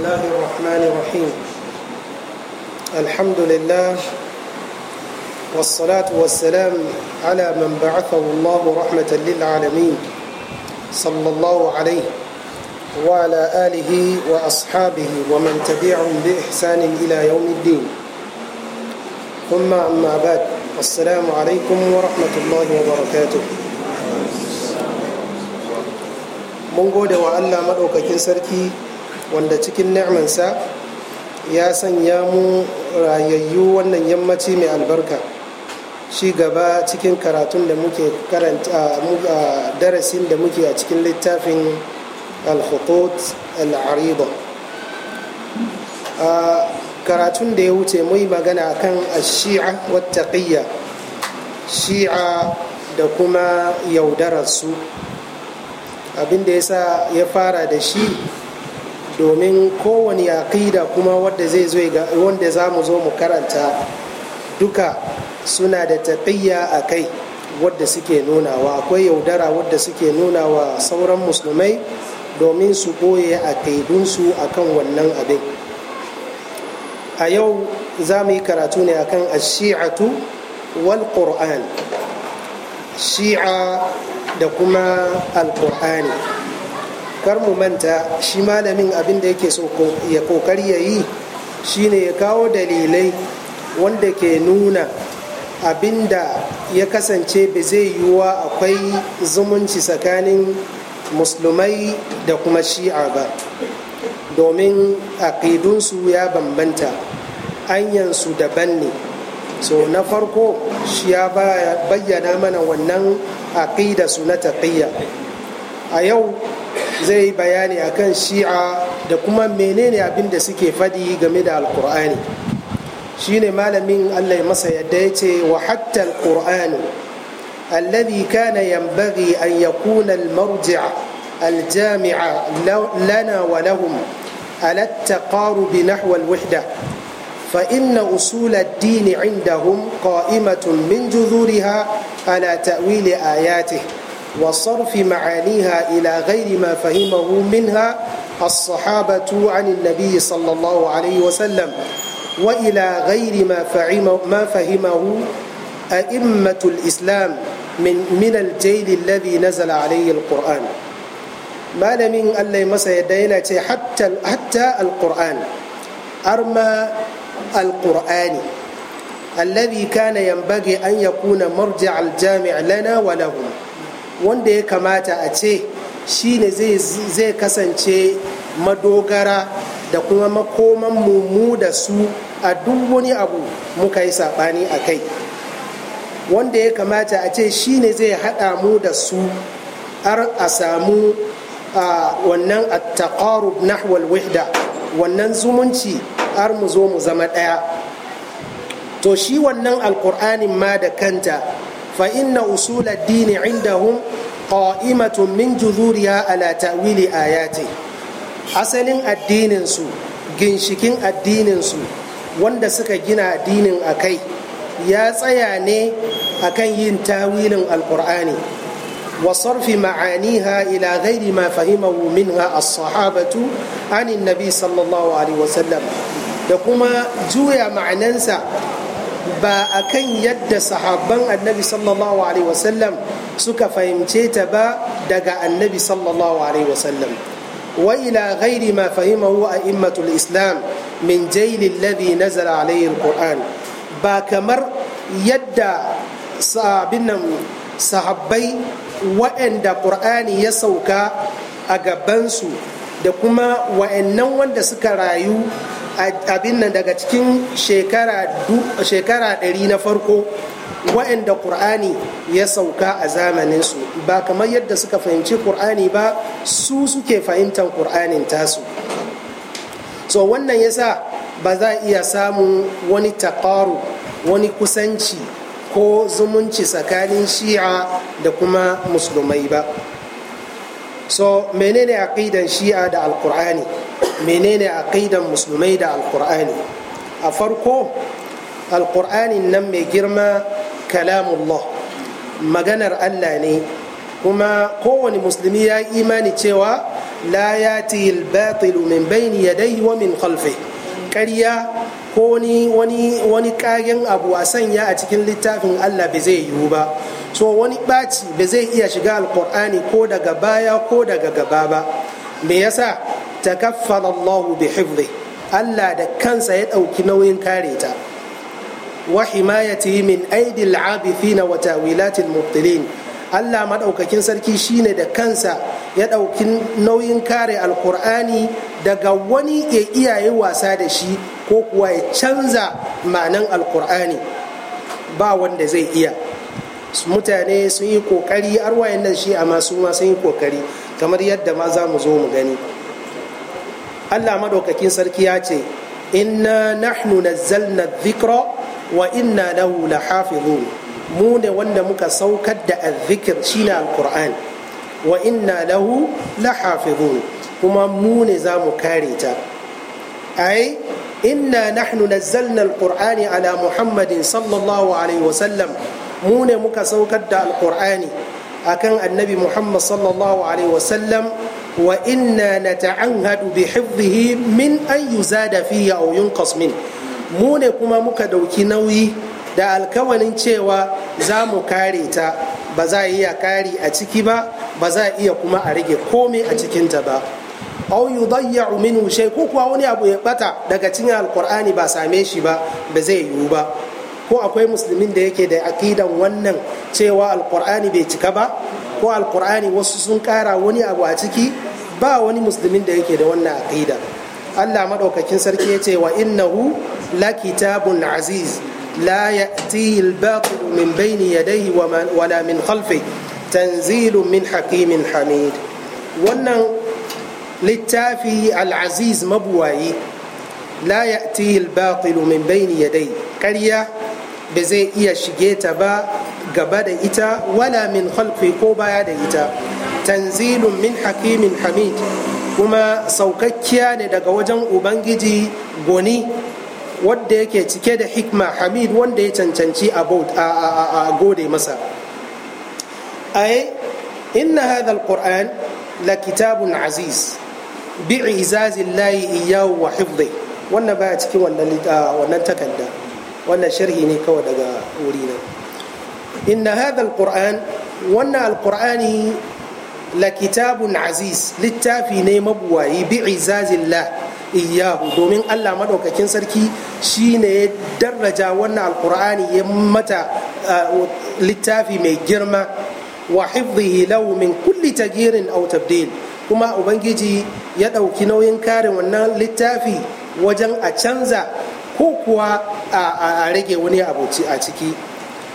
الله الرحمن الرحيم الحمد لله والصلاة والسلام على من بعثه الله رحمة للعالمين صلى الله عليه وعلى آله وأصحابه ومن تبعهم بإحسان إلى يوم الدين ثم أما بعد السلام عليكم ورحمة الله وبركاته من قد وعلى مدعوك كنسركي wanda cikin ni'mansa ya sanya mu rayayyu wannan yammaci mai albarka shi gaba cikin karatun da muke karanta darasin da muke a cikin littafin al-khutut al karatun da ya wuce mai magana kan shi'a wata shi'a da kuma yaudararsu abinda ya sa ya fara da shi domin kowane aqida kuma wanda zai zo wanda za mu zo mu karanta duka suna da taƙiyya a kai wadda suke nunawa akwai yaudara wadda suke nunawa sauran musulmai domin su ɓoye a kaidunsu a kan wannan abin a yau za mu yi karatu ne akan ashi'atu wal qur'an shi'a da kuma Al-Qur'ani. kar mu manta shi malamin abin da yake so ya kokari ya yi shine ya kawo dalilai wanda ke nuna abin da ya kasance ba zai yiwuwa akwai zumunci tsakanin musulmai da kuma shi'a ba domin aƙidunsu ya bambanta anyansu daban ne so na farko shi ya bayyana mana wannan aƙidarsu na tafiya a yau zai bayani akan shi'a da kuma menene abin da suke fadi game da alkur'ani shine malamin allah masa yadda ya ce wa hatta alkur'ani alladhi kana yambaghi an yakuna almarji' aljami'a lana wa lahum على التقارب نحو الوحدة فإن أصول الدين عندهم قائمة من جذورها على تأويل آياته وصرف معانيها إلى غير ما فهمه منها الصحابة عن النبي صلى الله عليه وسلم وإلى غير ما ما فهمه أئمة الإسلام من من الجيل الذي نزل عليه القرآن ما لم ألا يمس يدينا حتى حتى القرآن أرمى القرآن الذي كان ينبغي أن يكون مرجع الجامع لنا ولهم wanda ya kamata a ce shi ne zai kasance madogara da kuma makoman mu da su a duk wani abu muka yi saɓani a kai wanda ya kamata a ce shi ne zai haɗa mu da su har a samu wannan attaqarub nahwal wihda wannan zumunci har mu zo mu zama ɗaya to shi wannan alƙur'anin ma da kanta فإن أصول الدين عندهم قائمة من جذورها على تأويل آياته أصل الدين سو ginshikin addininsu wanda suka gina addinin a kai ya tsaya ne a kan yin tawilin alkur'ani wa sarfi ma'aniha ila gairi ma fahimahu minha as-sahabatu anin nabi sallallahu alaihi wasallam da kuma juya ma'anansa ba a kan yadda sahabban annabi sallallahu alaihi wasallam suka fahimce ta ba daga annabi sallallahu alaihi wasallam wa ila ghairi ma fahimahu a immatul islam min jailin ladhi nazala alaihi alquran ba kamar yadda sahabin sahabbai waɗanda ƙur'ani ya sauka a gabansu da kuma wa'annan wanda suka rayu abin nan daga cikin shekara ɗari na farko wa'anda ƙur'ani ya sauka a zamaninsu ba kamar yadda suka fahimci ƙur'ani ba su suke fahimtar ƙur'anin tasu so wannan ya sa ba za a iya samun wani taƙaru wani kusanci ko zumunci tsakanin shi'a da kuma musulmai ba so menene aƙidan shi'a da alƙur'ani menene aqidan musulmai da alkur'ani a farko alqur'ani nan mai girma kalamullah maganar allah ne kuma kowane musulmi ya imani cewa la yati al min bayni yadayhi wa min khalfi ƙarya ko wani wani kagen abu a sanya a cikin littafin allah bai zai yiwu ba so wani ɓaci ba zai iya shiga alkur'ani ko daga baya ko daga gaba ba me yasa Takaffarallahu Allahu bi hifdhi Allah da kansa ya ɗauki nauyin kare ta wa himayatihi min aidil abithina wa tawilatil mubtilin Allah madaukakin sarki shine da kansa ya ɗauki nauyin kare alkur'ani daga wani ya iyaye wasa da shi ko kuwa ya canza ma'anan alkur'ani ba wanda zai iya mutane sun yi kokari arwayen nan shi amma su ma sun yi kokari kamar yadda ma za mu zo mu gani Allah madaukakin sarki ya ce inna nahnu nazzalna dhikra wa inna lahu lahafizun mu ne wanda muka saukar da azzikir shine alquran wa inna lahu lahafizun kuma mu ne za mu kare ta ai inna nahnu nazzalna alqur'ani ala muhammadin sallallahu alaihi wasallam mu ne muka saukar da alqur'ani akan annabi muhammad sallallahu alaihi wasallam wa inna nata'anhadu bi hifdhihi min an yuzada fihi aw yunqas min mu ne kuma muka dauki nauyi da alkawalin cewa za mu kare ta ba za a iya kari a ciki ba ba za a iya kuma a rage komai a cikinta ba aw yudayya minhu shay ko kuwa wani abu ya bata daga cikin alkur'ani ba same shi ba ba zai yiwu ba ko akwai musulmin da yake da aqidan wannan cewa alkur'ani bai cika ba ko alqur'ani wasu sun kara wani abu a ciki ba wani musulmin da yake da wannan aqida Allah madaukakin sarki yace wa innahu la kitabun aziz la ya'tihi al min bayni yadayhi wa wala min khalfi tanzilun min hakimin hamid wannan littafi al-aziz mabuwayi la ya'tihi al min bayni yadayhi ƙarya ba zai iya shige ta ba gaba da ita wala min khalqi ko baya da ita tanzilun min hakimin hamid kuma saukakkiya ne daga wajen ubangiji goni wadda yake cike da hikma hamid wanda ya cancanci a gode masa ai inna hadha alquran la kitabun aziz bi izazillahi iyyahu wa hifdhi wannan baya cikin wannan takarda wannan sharhi ne kawai daga wuri na inna hadha alquran wannan alqurani la kitabun aziz littafi ne mabuwayi bi izazillah iyahu domin Allah madaukakin sarki shine ya daraja wannan alqur'ani ya mata uh, littafi mai girma wa hifdhihi lahu min kulli tagirin aw tabdil kuma ubangiji ya ɗauki nauyin karin wannan littafi wajen a canza ko kuwa a rage wani abu a ciki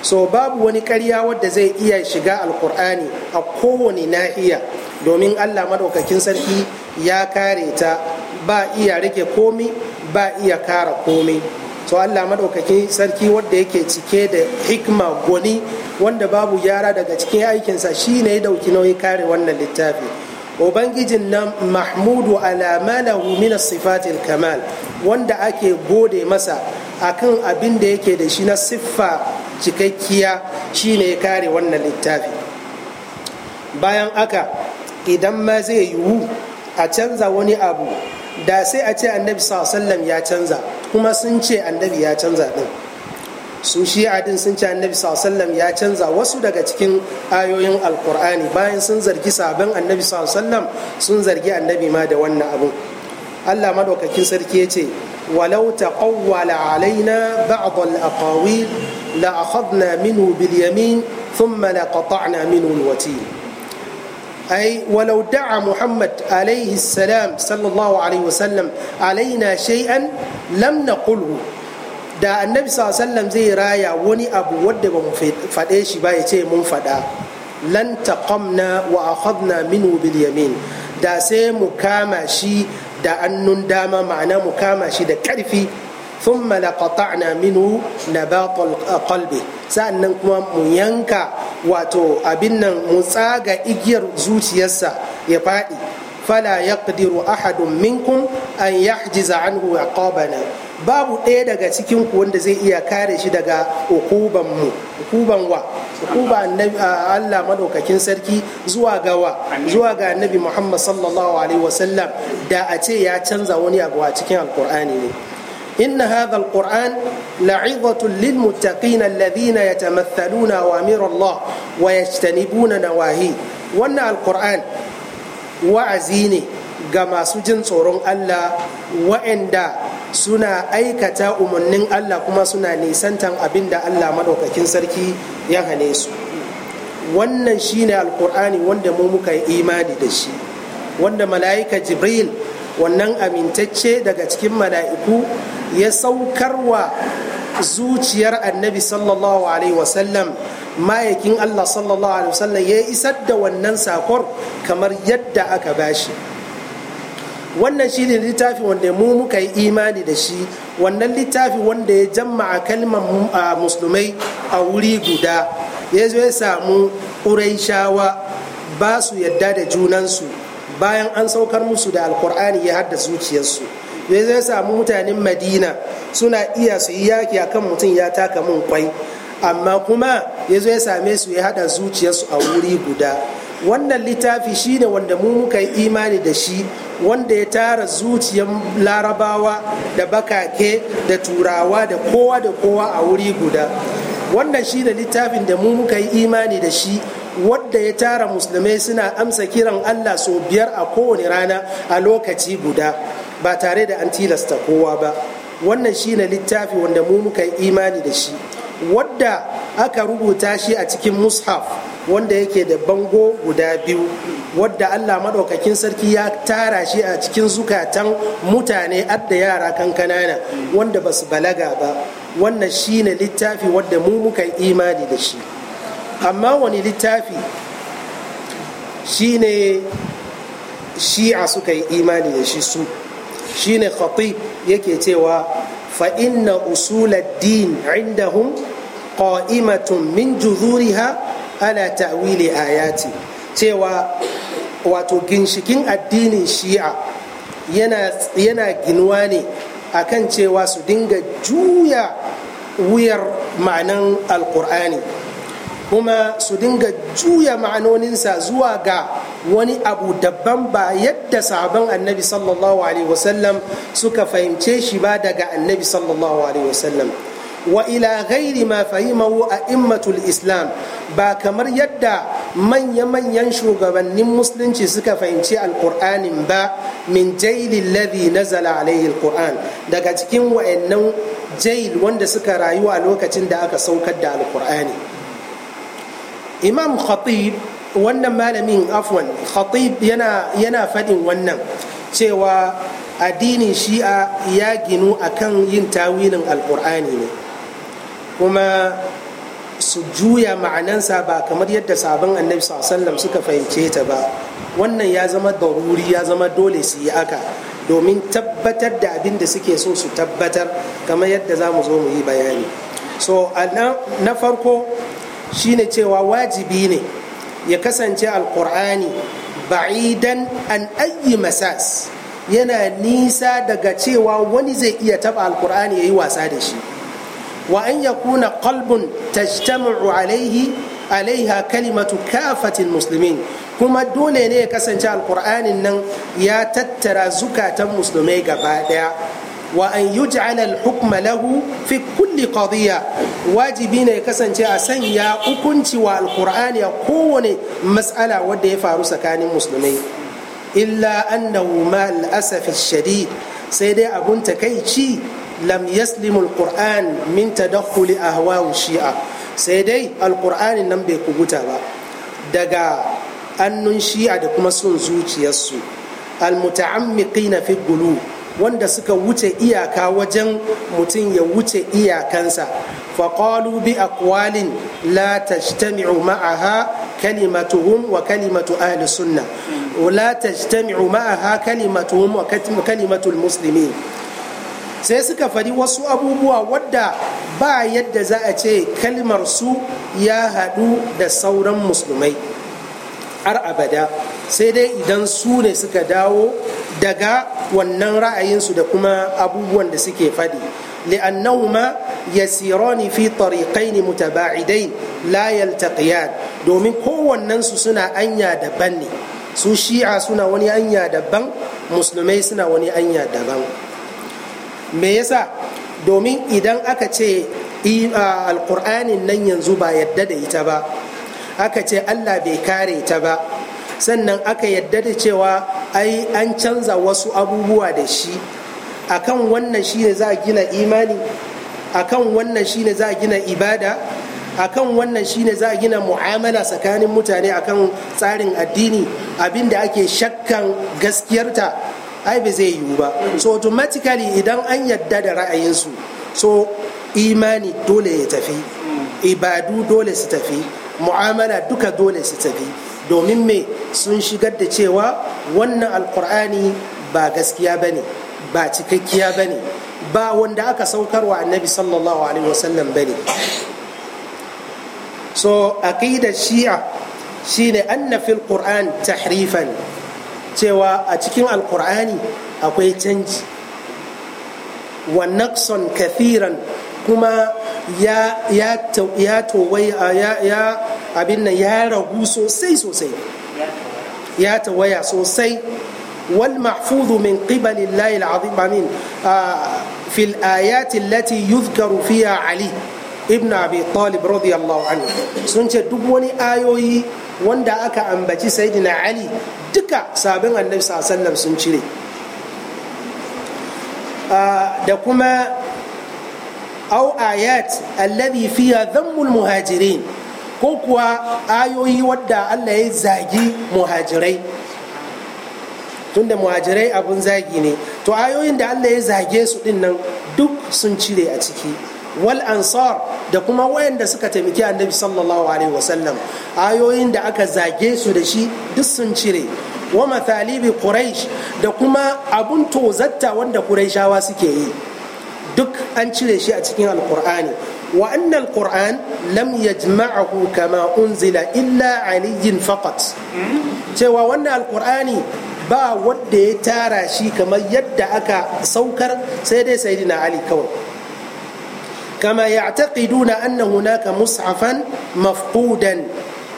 so babu wani karya wadda zai iya shiga alkur'ani a kowane nahiya domin allah maɗaukakin sarki ya kare ta ba iya rage komi ba iya kara komi to allah maɗaukakin sarki wadda yake cike da hikma gwani wanda babu gyara daga cikin aikinsa shi ne ya dauki nauyi kare wannan littafi ubangijin nan mahmudu alamala min sifatil kamal wanda ake gode masa a kan abin da yake da shi na siffa cikakkiya shine ya kare wannan littafi bayan aka idan ma zai yiwu a canza wani abu da sai a ce annabi sallam ya canza kuma sun ce annabi ya canza din su shi'a din sun ce annabi sallam ya canza wasu daga cikin ayoyin alkur'ani bayan sun zargi sabon annabi sallam sun zargi annabi ma da wannan abun allah madaukakin sarki ya ce walau taqawwala alaina ba'd al-aqawil la akhadna minhu bil yamin thumma la qata'na minhu al-watin أي ولو دعا محمد عليه السلام صلى الله عليه وسلم علينا شيئا لم نقله da annabi sallam zai raya wani abu wadda ba mu faɗe shi ba ya ce mun faɗa lan taqamna wa akhadna minhu bil yamin da sai mu kama shi da annun dama ma'ana mu kama shi da ƙarfi thumma laqata'na minhu nabatal qalbi sa'annan kuma mu yanka wato abin nan mu tsaga igiyar zuciyarsa ya faɗi fala yaqdiru ahadun minkum an yahjiza anhu aqabana babu ɗaya daga cikin ku wanda zai iya kare shi daga ukuban mu hukuban wa ukuba Allah madaukakin sarki zuwa ga wa zuwa ga annabi Muhammad sallallahu alaihi wasallam da a ce ya canza wani abu a cikin alkur'ani ne إن هذا القرآن لعظة للمتقين الذين يتمثلون أوامر الله ويجتنبون نواهيه وأن القرآن وعزيني ga masu jin tsoron Allah wa'anda suna aikata umarnin Allah kuma suna nisantan abin da Allah maɗaukakin sarki ya hane su wannan shine alkur'ani wanda mu muka yi imani da shi wanda mala'ika jibril wannan amintacce daga cikin mala'iku ya saukarwa zuciyar annabi sallallahu alaihi wasallam ma'aikin Allah sallallahu alaihi wasallam ya isar da wannan sakor kamar yadda aka bashi wannan shi ne littafi wanda mu muka yi imani da shi wannan littafi wanda ya a kalmar musulmai a wuri guda ya zo ya samu ƙuraishawa ba su yadda da junansu bayan an saukar musu da alkur'ani ya hadda zuciyarsu ya zo ya samu mutanen madina suna iya su yi yaki kan mutum ya taka mun kwai amma kuma ya zo ya same su ya hada zuciyarsu a wuri guda wannan littafi shi ne wanda mu muka yi imani da shi wanda ya tara zuciyar larabawa da bakake da turawa da kowa da kowa a wuri guda wannan shi da littafin da mu muka yi imani da shi wadda ya tara musulmai suna amsa kiran allah sau biyar a kowane rana a lokaci guda ba tare da an tilasta kowa ba wannan shi ne littafi wanda mu muka yi imani da shi wadda aka rubuta shi a cikin mushaf wanda yake da bango guda biyu wadda allah maɗaukakin sarki ya tara shi a cikin zukatan mutane adda yara kankanana wanda ba su balaga ba wannan shi ne littafi wadda mu muka imani da shi amma wani littafi shi ne shi'a suka yi imani da shi su shi ne khatib yake cewa fa inna inda indahum qa'imatun min juzuriha ala ta'wili ayati cewa wato ginshikin addinin shi'a yana ginuwa ne akan cewa su dinga juya wuyar ma'anan alkur'ani kuma su dinga juya ma'anoninsa zuwa ga wani abu daban ba yadda sabon annabi sallallahu alaihi wasallam suka fahimce shi ba daga annabi sallallahu alaihi wasallam Wa'ila ila ma fahimahu a immatul islam ba kamar yadda manya-manyan shugabannin musulunci suka fahimci alkur'anin ba min jailin na nazala alaihi alkur'an daga cikin wa'annan jail wanda suka rayu a lokacin da aka saukar da alkur'ani imam khatib wannan malamin afwan khatib yana yana faɗin wannan cewa addinin shi'a ya ginu akan yin tawilin alkur'ani ne kuma su juya ma'anansa ba kamar yadda sabon annabi sallam suka fahimce ta ba wannan ya zama daruri ya zama dole su yi aka domin tabbatar da abin da suke so su tabbatar kamar yadda za mu zo mu yi bayani so na farko shine cewa wajibi ne ya kasance alkur'ani ba'idan an ayi masas yana nisa daga cewa wani zai iya taba alkur'ani ya yi wasa da shi وأن يكون قلب تجتمع عليه alaiha kalimatu kafatin musulmin kuma dole ne ya kasance alkur'anin nan ya tattara zukatan musulmai gaba daya wa an yuj'ala al-hukma lahu fi kulli qadiyya wajibi ne ya kasance a sanya hukunci wa alkur'ani a kowane mas'ala wadda ya faru tsakanin musulmai illa annahu ma al sai dai abun takaici لم يسلم القرآن من تدخل أهواء الشيعة سيدي القرآن نمبي كبوتا daga annun shi'a da kuma son zuciyarsu almuta'ammiqina fi gulu wanda suka wuce iyaka wajen mutum ya wuce iyakansa faqalu bi aqwalin la tajtami'u ma'aha kalimatuhum wa kalimatu ahli sunna la tajtami'u ma'aha kalimatuhum wa kalimatu almuslimin sai suka fari wasu abubuwa wadda ba yadda za a ce kalmar su ya haɗu da sauran musulmai har abada sai dai idan su ne suka dawo daga wannan ra'ayinsu da kuma abubuwan da suke faɗi li'annahuma yasirani fi tariqain mutaba'idain la yaltaqiyan domin kowannensu suna anya daban ne su shi'a suna wani anya daban musulmai suna wani anya daban me yasa domin idan aka ce alƙur'anin nan yanzu ba yadda da ita ba aka ce allah bai kare ta ba sannan aka yadda da cewa ai an canza wasu abubuwa da shi akan wannan shine za a gina imani akan wannan shine za a gina ibada akan wannan shine za a gina mu'amala tsakanin mutane akan tsarin addini abinda ake shakkan gaskiyarta ai ba zai yiwu ba so automatically idan an yadda da ra'ayinsu so imani dole ya tafi ibadu dole su tafi mu'amala duka dole su tafi domin me sun shigar da cewa wannan alkur'ani ba gaskiya ba ne ba cikakkiya ba ne ba wanda aka saukarwa annabi sallallahu alaihi wasallam ba ne so aqidar shi'a shine anna fil qur'an tahrifan cewa a cikin alkur'ani akwai canji wa naqsan kathiran kuma ya ya ya abin nan ya ragu sosai sosai ya tawaya sosai wal mahfuzu min qibali llahi alazim amin fi alayat allati yuzkaru fiha ali ibn abi talib radiyallahu anhu sun ce duk wani ayoyi wanda aka ambaci sayyidina ali duka sabin annabi sallam sun cire ah, da kuma au ayat allazi fiha dhammul muhajirin ko kuwa ayoyi wadda Allah ya zagi muhajirai tunda muhajirai abun zagi ne to ayoyin da Allah ya zage su din duk sun cire a ciki wal ansar da kuma wayanda suka taimaki annabi sallallahu alaihi wasallam ayoyin da aka zage su da shi duk sun cire wa mathalibi quraish da kuma abun tozatta wanda quraishawa suke yi duk an cire shi a cikin alqur'ani wa anna alqur'an lam yajma'ahu kama unzila illa aliyin faqat cewa wannan alqur'ani ba wanda ya tara shi kamar yadda aka saukar sai dai sayyidina ali kawai kama ya'taqiduna anna hunaka mushafan mafqudan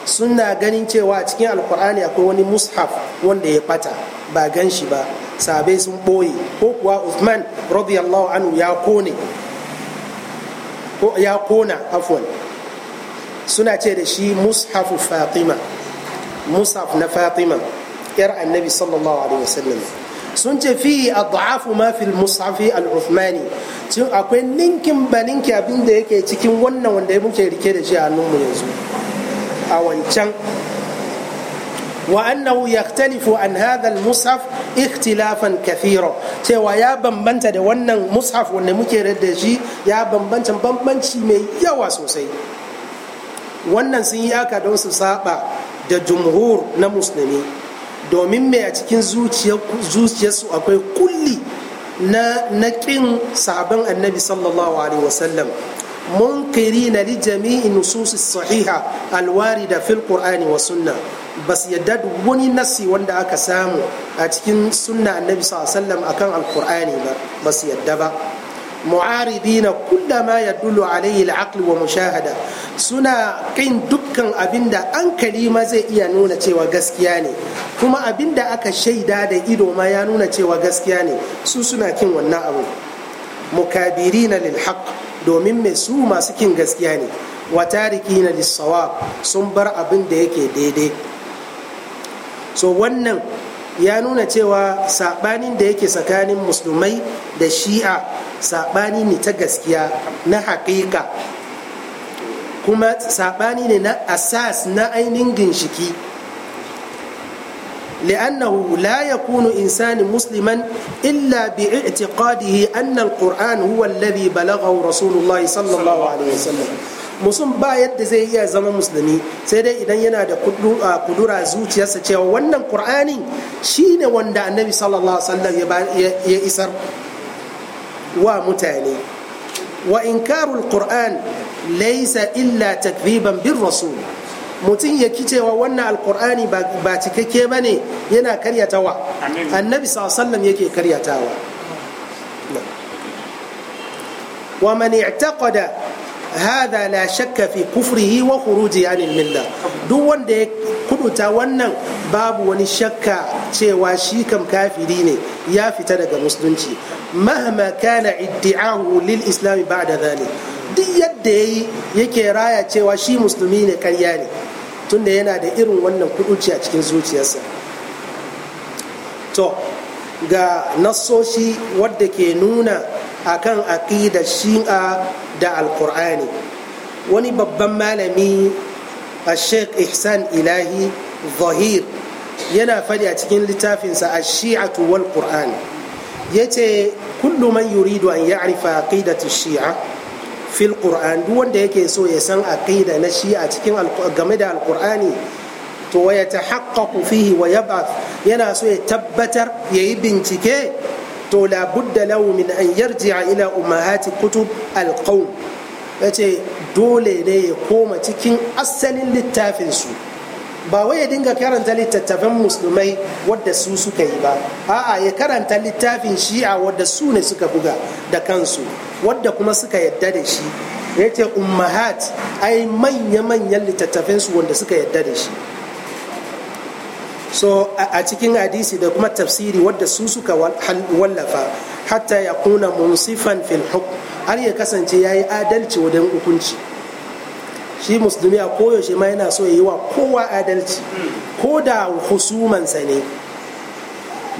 suna ganin cewa cikin alkur'ani akwai wani mushaf wanda ya bata ba ganshi ba sabe sun boye ko kuwa Uthman radiyallahu anhu ya kone ko ya kona afwan suna ce da shi mushafu fatima mushaf na fatima yar annabi sallallahu alaihi wasallam sun ce a adhafu ma fil mushafi al uthmani cin akwai ninkin ba ninki abin da yake cikin wannan wanda muke rike da shi a hannunmu yanzu a wancan wa annahu yaktalifu an hadha al mushaf ikhtilafan kathira cewa ya bambanta da wannan mushaf wanda muke da shi ya bambanta bambanci mai yawa sosai wannan sun yi aka don su saba da jumhur na musulmi domin mai a cikin zuciyarsu akwai kulli na naƙin sabon annabi sallallahu alaihi wasallam منكرين لجميع النصوص الصحيحة الواردة في القرآن والسنة بس يدد وني نسي وندا أكا سامو أتكين سنة النبي صلى الله عليه وسلم أكان القرآن بس يدبا mu'aridina kulla ma yadullu alayhi al wa mushahada suna kin dukkan abinda ankali ma zai iya nuna cewa gaskiya ne kuma abinda aka shaida da ido ma ya nuna cewa gaskiya ne su suna kin wannan abu mukabirina lil haqq domin mai su masu kin gaskiya ne wa tarikina lis sun bar abin da yake daidai so wannan ya nuna cewa sabanin da yake tsakanin musulmai da shi'a sabani ne ta gaskiya na haƙiƙa kuma sabani ne na asas na ainihin ginshiki لأنه لا يكون إنسان مسلما إلا باعتقاده أن القرآن هو الذي بلغه رسول الله صلى الله عليه وسلم musun ba yadda zai iya zama musulmi sai dai idan yana da kudura zuciyarsa cewa wannan qur'anin shine wanda annabi sallallahu alaihi wasallam ya isar wa mutane wa inkarul qur'an laysa illa takziban bir rasul mutum ya cewa wannan alqur'ani ba cikakke bane yana karyatawa annabi sallallahu alaihi wasallam yake karyatawa ومن اعتقد hada la shakka fi kufrihi wa khuruji anil milla duk wanda ya kuduta wannan babu wani shakka cewa shi kam kafiri ne ya fita daga musulunci mahama kana iddi'ahu lil islam ba'da dhalik duk yadda yayi yake raya cewa shi musulmi ne karya ne tunda yana da irin wannan kuduci a cikin zuciyarsa to ga nassoshi wadda ke nuna akan aqidar shi'a da alkur'ani wani babban malami a sheikh ihsan ilahi zahir yana faɗi a cikin littafinsa a shi'atu wal qur'an ya ce kullu man yuridu an ya arifa aqidatu shi'a fil qur'an duk wanda yake so ya san aqida na shi'a cikin game da alqur'ani to ya yatahaqqaqu fihi wa yana so ya tabbatar yayi bincike to la budda lahu min an yarji'a ila ummahati kutub alqawm yace dole ne ya koma cikin asalin littafin su ba wai ya dinga karanta littattafan musulmai wadda su suka yi ba a'a ya karanta littafin shi'a wadda su ne suka buga da kansu wadda kuma suka yadda da shi ya ce ummahat ai manya-manyan littattafan wanda suka yadda da shi so a cikin hadisi da kuma tafsiri wadda su suka wallafa hatta ya kuna munsifan fil hukm har ya kasance ya yi adalci wajen hukunci shi musulmi a koyaushe ma yana so ya yi wa kowa adalci ko da husumansa ne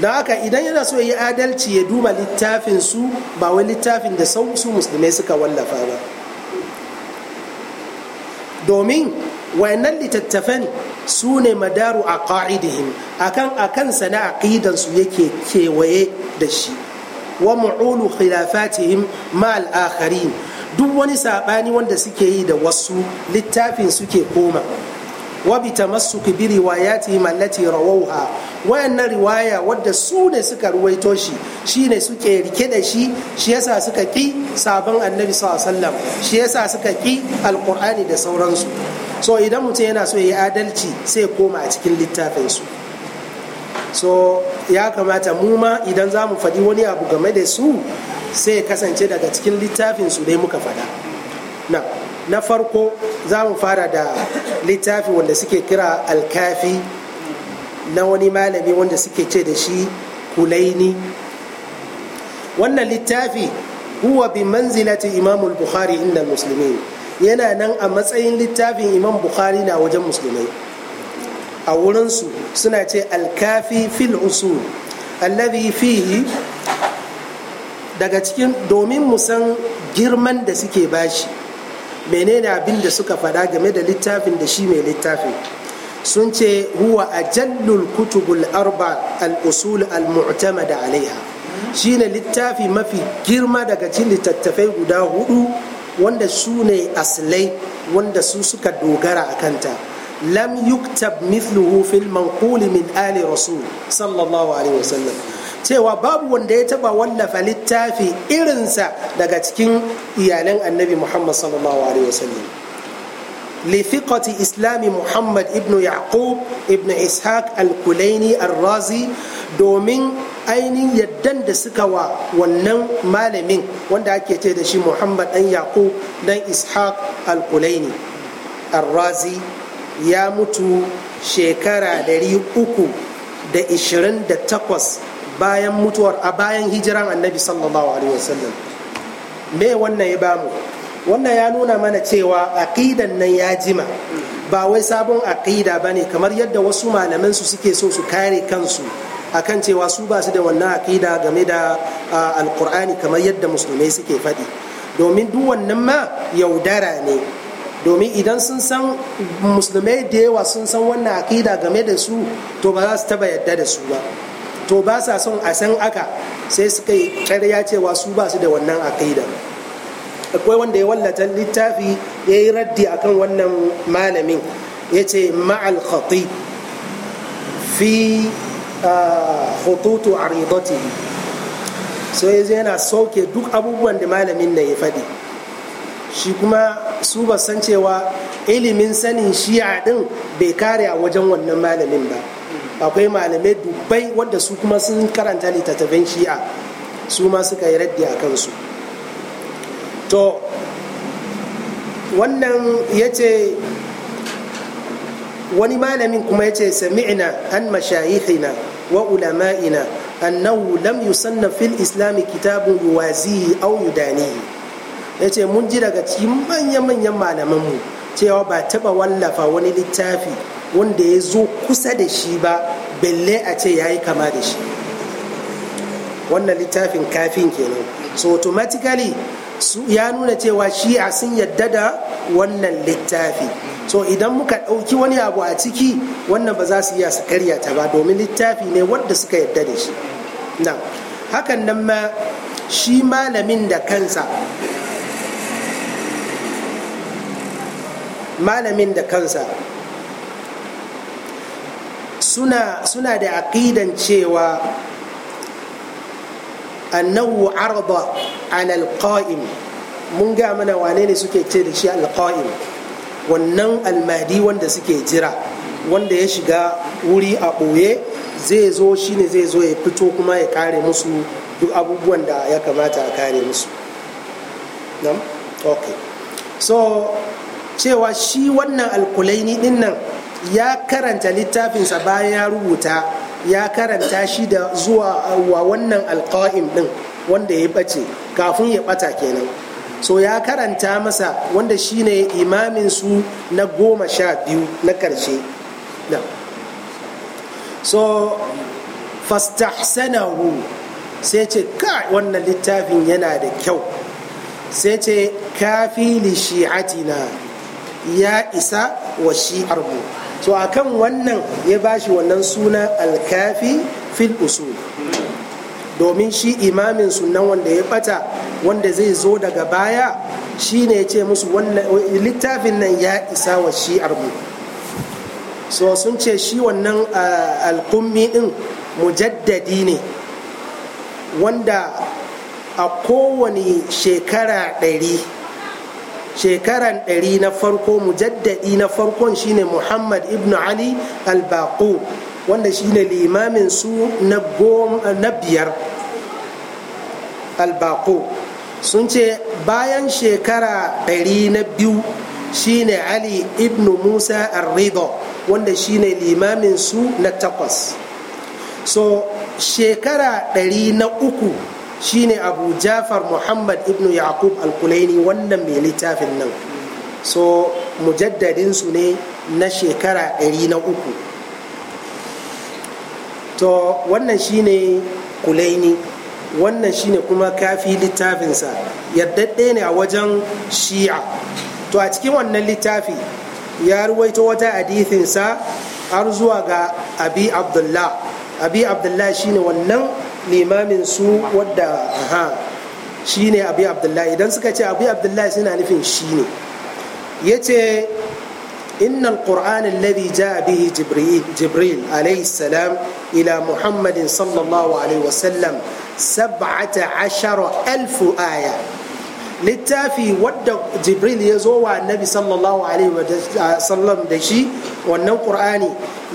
don haka idan yana so ya yi adalci ya duma littafin su ba wai littafin da sau su musulmai suka wallafa ba domin wayannan littattafan su ne madaru a ka'idihim akan akan sana ƙidansu yake kewaye da shi wa mu'ulu khilafatihim ma'al akharin duk wani saɓani wanda suke yi da wasu littafin suke koma wa bi tamassuki bi riwayatihim allati rawawha wayannan riwaya wadda su ne suka ruwaito shi shine suke rike da shi shi yasa suka ki sabon annabi sallallahu alaihi wasallam shi yasa suka ki alqur'ani da sauransu so idan mutum yana so ya yi adalci sai koma a cikin littafin su so ya kamata mu ma idan za mu faɗi wani abu game da su sai kasance daga cikin littafin su dai muka faɗa na farko za mu fara da littafi wanda suke kira alkafi na wani malami wanda suke ce da shi kulaini wannan littafi huwa bi manzilati imamul bukhari inda musulmi yana nan a matsayin littafin imam bukhari na wajen musulmai a wurinsu suna ce alkafi fil usul alladhi fihi daga cikin domin mu san girman da suke bashi menene abin da suka faɗa game da littafin da shi mai littafi? sun ce huwa ajallul kutubul arba al usul al mu'tamada alaiha shine littafi mafi girma daga cikin littattafai guda hudu wanda su ne asilai wanda su suka dogara a kanta lam yuktab mithluhu fil manquli min ali rasul sallallahu alaihi wasallam cewa babu wanda ya taba wallafa littafi irinsa daga cikin iyalan annabi muhammad sallallahu alaihi wasallam لثقة إسلام محمد ابن يعقوب ابن إسحاق الكليني الرازي domin ainihin yaddan da suka wa wannan malamin wanda ake ce da shi muhammad dan yaqub dan ishaq al-kulaini al ya mutu shekara ɗari uku da 328 bayan mutuwar a bayan hijiran annabi sallallahu alaihi wasallam me wannan ya bamu wannan ya nuna mana cewa aqidan nan ya jima ba wai sabon aqida bane kamar yadda wasu malaman su suke so su kare kansu akan cewa su ba su da wannan aqida game da alqur'ani kamar yadda musulmai suke faɗi domin duk wannan ma yaudara ne domin idan sun san musulmai da yawa sun san wannan aqida game da su to ba za su taba yadda da su ba to ba sa son a san aka sai suka yi cewa su ba su da wannan aqida akwai wanda ya wallata littafi ya yi raddi akan wannan malamin ya ce ma'al khati fi a aridati so yanzu yana sauke duk abubuwan da malamin na ya faɗi shi kuma su basan cewa ilimin sanin shi'a din bai kare a wajen wannan malamin ba akwai malamai dubbai wanda su kuma sun karanta littattafan shi'a su ma suka yi raddi a kansu to wannan ya ce wani malamin kuma ya ce sami'na an mashayihina wa ulama'ina annahu lam yusanna fil islami kitabun yuwazihi au yudanihi ya ce mun ji daga cikin manya-manyan malamanmu cewa ba taba wallafa wani littafi wanda ya zo kusa da shi ba belle a ce ya yi kama da shi wannan littafin kafin kenan so automatically ya nuna cewa shi'a sun yadda da wannan littafi so idan muka ɗauki wani abu a ciki wannan ba za su iya su karya ta ba domin littafi ne wanda suka yadda da shi na hakan nan ma shi malamin da kansa malamin da kansa suna da aƙidan cewa annahu arda ala alqa'im mun ga mana wane ne suke ce da shi alqa'im wannan almadi wanda suke jira wanda ya shiga wuri a ɓoye zai zo shine zai zo ya fito kuma ya kare musu duk abubuwan da ya kamata a kare musu so cewa shi wannan alkulaini din nan ya karanta littafinsa bayan ya rubuta ya karanta shi da zuwa wa wannan alƙa'im ɗin wanda ya ɓace kafin ya ɓata kenan so ya karanta masa wanda shine imamin su na goma sha biyu na ƙarshe so fastahsanahu sai ce ka wannan littafin yana da kyau sai ce kafili shi'atina ya isa wa shi'armu so a kan wannan ya ba shi wannan suna alkafi fil usul domin shi imamin sunan wanda ya bata wanda zai zo daga baya shi ne ya ce musu littafin nan ya isa wa shi arbu. so sun ce shi wannan ah, alkummi din mujaddadi ne wanda a kowane shekara ɗari shekaran ɗari na farko mujaddadi na farkon shine muhammad ibn ali al Baqo, wanda shine limamin su na biyar al Baqo. sun ce bayan shekara ɗari na biyu shine ali ibn musa al rido wanda shine limamin su na takwas so shekara ɗari na uku shine abu jafar muhammad ibnu yaqub al-kulaini wannan mai littafin nan so mujaddadinsu ne na shekara ɗari na uku to wannan shine kulaini wannan shine kuma kafi littafinsa yardadde ne a wajen shi'a to a cikin wannan littafi ya ruwaito wata hadithinsa har zuwa ga abi abdullah abi abdullah shine wannan limamin su wadda aha ne abi abdullahi idan suka ce abu abdullahi suna nufin shi yace إن القرآن الذي جاء به جبريل, جبريل عليه Jibril إلى salam ila Muhammadin عليه وسلم سبعة عشر ألف آية littafi wadda jibril ya zo wa annabi sallallahu alaihi wasallam da shi wannan qur'ani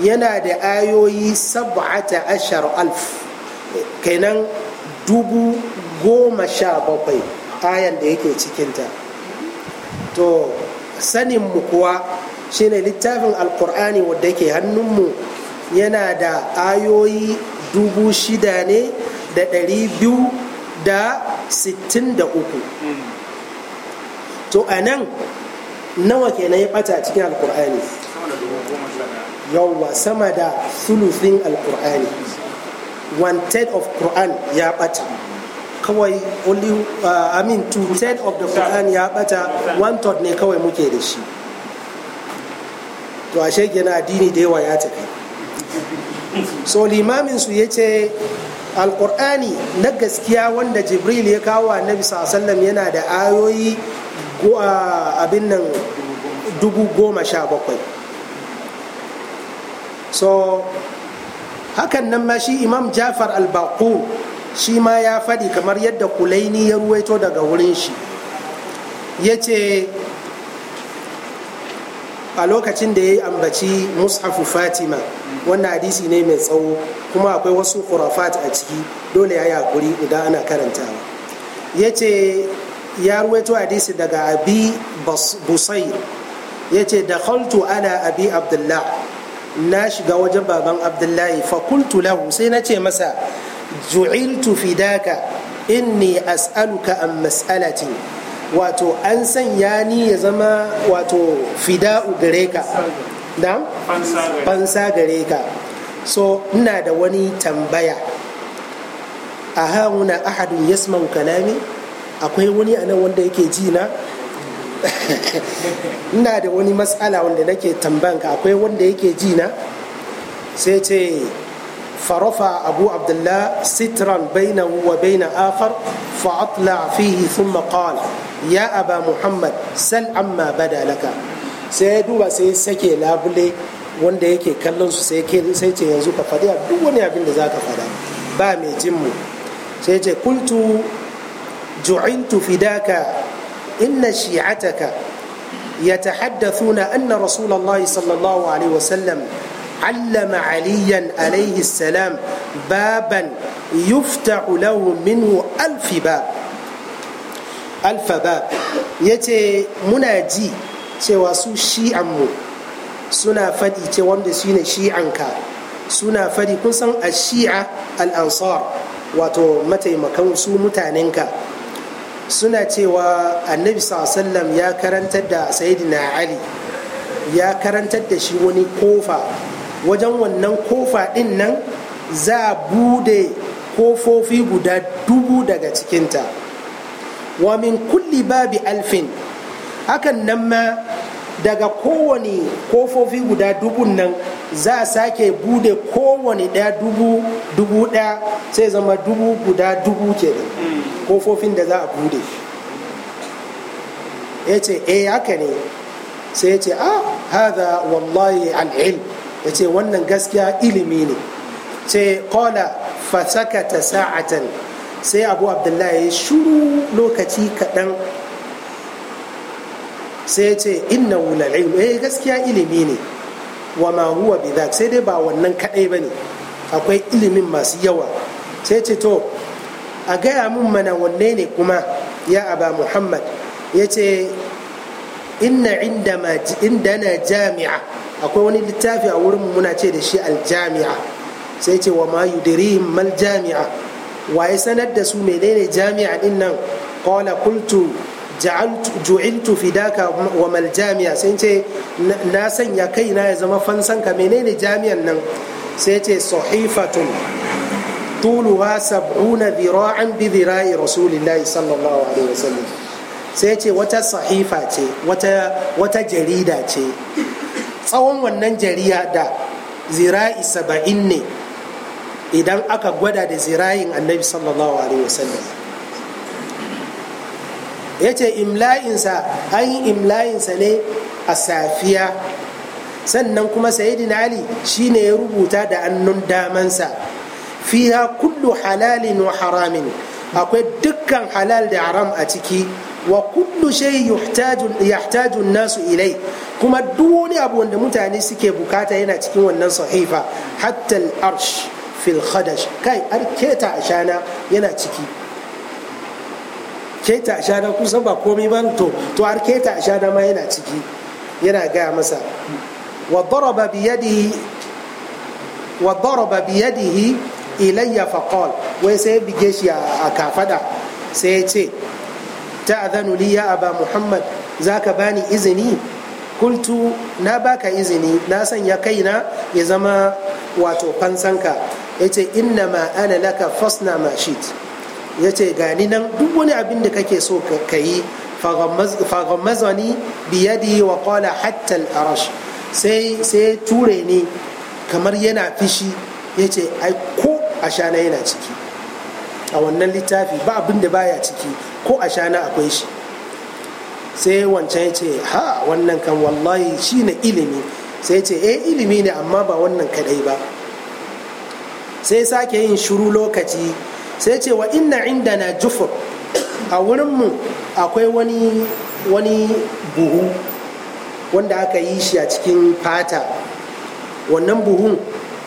yana da ayoyi sab'ata ashar alf kenan dubu goma sha bakwai ayan da yake cikinta to sanin mu kuwa shine littafin alkur'ani wadda ke hannunmu yana da ayoyi dubu shida ne da ɗari biyu da sittin da uku to a nan nawa kenan ya ɓata cikin alkur'ani yawwa sama da sulufin alkur'ani one third of Quran ya bata kawai only uh, I mean two third of the Quran ya bata one third ne kawai muke da shi to ashe gina addini da yawa ya tafi so limamin su yace alqur'ani na gaskiya wanda jibril ya kawo nabi sallallahu yana da ayoyi a uh, abin nan dubu goma sha bakwai so hakan nan ma shi imam jafar al shi ma ya faɗi kamar yadda kulaini ya ruwaito daga wurin shi ya ce a lokacin da ya yi ambaci mushafu fatima wannan hadisi ne mai tsawo kuma akwai wasu kurafat a ciki dole ya yi hakuri idan ana karantawa ya ce ya ruwaito hadisi daga abi busair ya ce da ala abi abdullah na shiga wajen baban abdullahi fakultu lahu sai na ce masa ju'iltu fidaka inni as'aluka an mas'alati wato an sanya ni ya zama wato fida'u gare ka da fansa gare ka so ina da wani tambaya a hauna ahadun yasman kalami akwai wani anan wanda yake ji na ina da wani matsala wanda nake tambanka akwai wanda yake ji na sai ce farofa abu abdullah sitran baina wa baina afar. fa fihi sun qal ya aba muhammad sal amma bada laka sai duba sai sake labule wanda yake kallon su sai sai ce yanzu ka fadi duk wani abin da zaka fada ba mai jin mu sai ce kuntu ju'intu fidaka إن شيعتك يتحدثون أن رسول الله صلى الله عليه وسلم علم عليا عليه السلام بابا يفتح له منه ألف باب ألف باب يتي مناجي cewa su shi'anmu suna faɗi ce wanda su ne shi'anka suna faɗi kun san a shi'a ansar wato mataimakan su mutanenka suna cewa annabi sallam ya karantar da sayidina ali ya karantar da shi wani kofa wajen wannan kofa din nan za a bude kofofi guda dubu daga cikinta wa min kulli babi alfin hakan nan ma daga kowane kofofi guda dubun nan za a sake bude kowane ɗaya dubu dubu ɗaya sai zama dubu guda dubu kenan kofofin da za a bude ya ce e haka ne sai ya ce a ah, hada wallahi al'il ya ce wannan gaskiya ilimi ne ce kola fasakata sa'atan sai abu abdullahi ya shuru lokaci kaɗan sai ya ce inna wula eh, gaskiya ilimi ne wa ma huwa bidhak sai dai ba wannan kadai bane akwai ilimin masu yawa sai ce to a gaya mun mana wanne ne kuma ya aba muhammad ya ce inna indana jami'a akwai wani littafi a wurin muna ce da shi aljami'a sai ce wa ma yudirihim mal jami'a waye sanar da su menene jami'a din nan qala qultu ju'iltu fidaka wa mal jami'a sai ce na sanya kaina ya zama fansanka menene jami'an nan sai ce sahifatun tuluha sab'una dhira'an bi dhira'i rasulillahi sallallahu alaihi sallam. sai ce wata sahifa ce wata jarida ce tsawon wannan jarida da zira'i saba'in ne idan aka gwada da zira'in annabi sallallahu alaihi sallam. ya ce imla'insa an yi imla'insa ne a safiya sannan kuma sayidina ali shine ya rubuta da annun damansa fiha kullu halalin wa haramin akwai dukkan halal da haram a ciki wa kullu shay yahtaju nasu ilai kuma duk wani abu wanda mutane suke bukata yana cikin wannan sahifa hatta al-arsh fil khadash kai arketa ashana yana ciki keta ashana kusan ba komai ba to to har keta ashana ma yana ciki yana gaya masa wa daraba bi yadihi wa daraba bi yadihi ilayya wai sai bige shi a kafada sai ya ce ta'adhanu li ya aba muhammad zaka bani izini kultu na baka izini na sanya kaina ya zama wato fansanka yace inna ma ana laka fasna ma shit ya ce gani nan duk wani abin da kake so ka yi fagammazani biyadi wa kola hatta arash sai sai ture ni kamar yana fishi ya ce ai ko ashana yana ciki a wannan littafi ba abin da baya ciki ko ashana akwai shi sai wancan ya ce ha wannan kan wallahi shi ne ilimi sai ya ce eh ilimi ne amma ba wannan kadai ba sai sake yin shuru lokaci sai ce wa inna na jufur a wurinmu akwai wani wani buhu wanda aka yi shi a cikin fata wannan buhun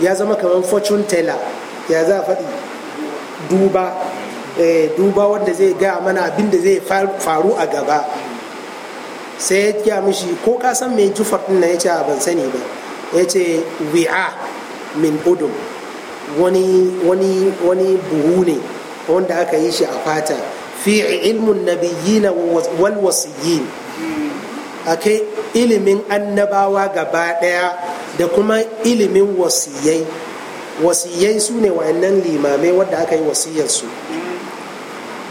ya zama kamar fortune teller ya za faɗi duba eh, duba wanda zai gaya mana abin da zai faru a gaba sai ya gaya mishi ko ka san mai jufar ɗin na ya ce ban sani ba ya ce wi'a min udum wani buhu ne wanda aka yi shi a fata fi ilmun nabiyyina wal wasiyyin akai ilimin annabawa gaba daya da kuma ilimin wasiyai wasiyai su ne wa'annan limamai wadda aka yi wasiyarsu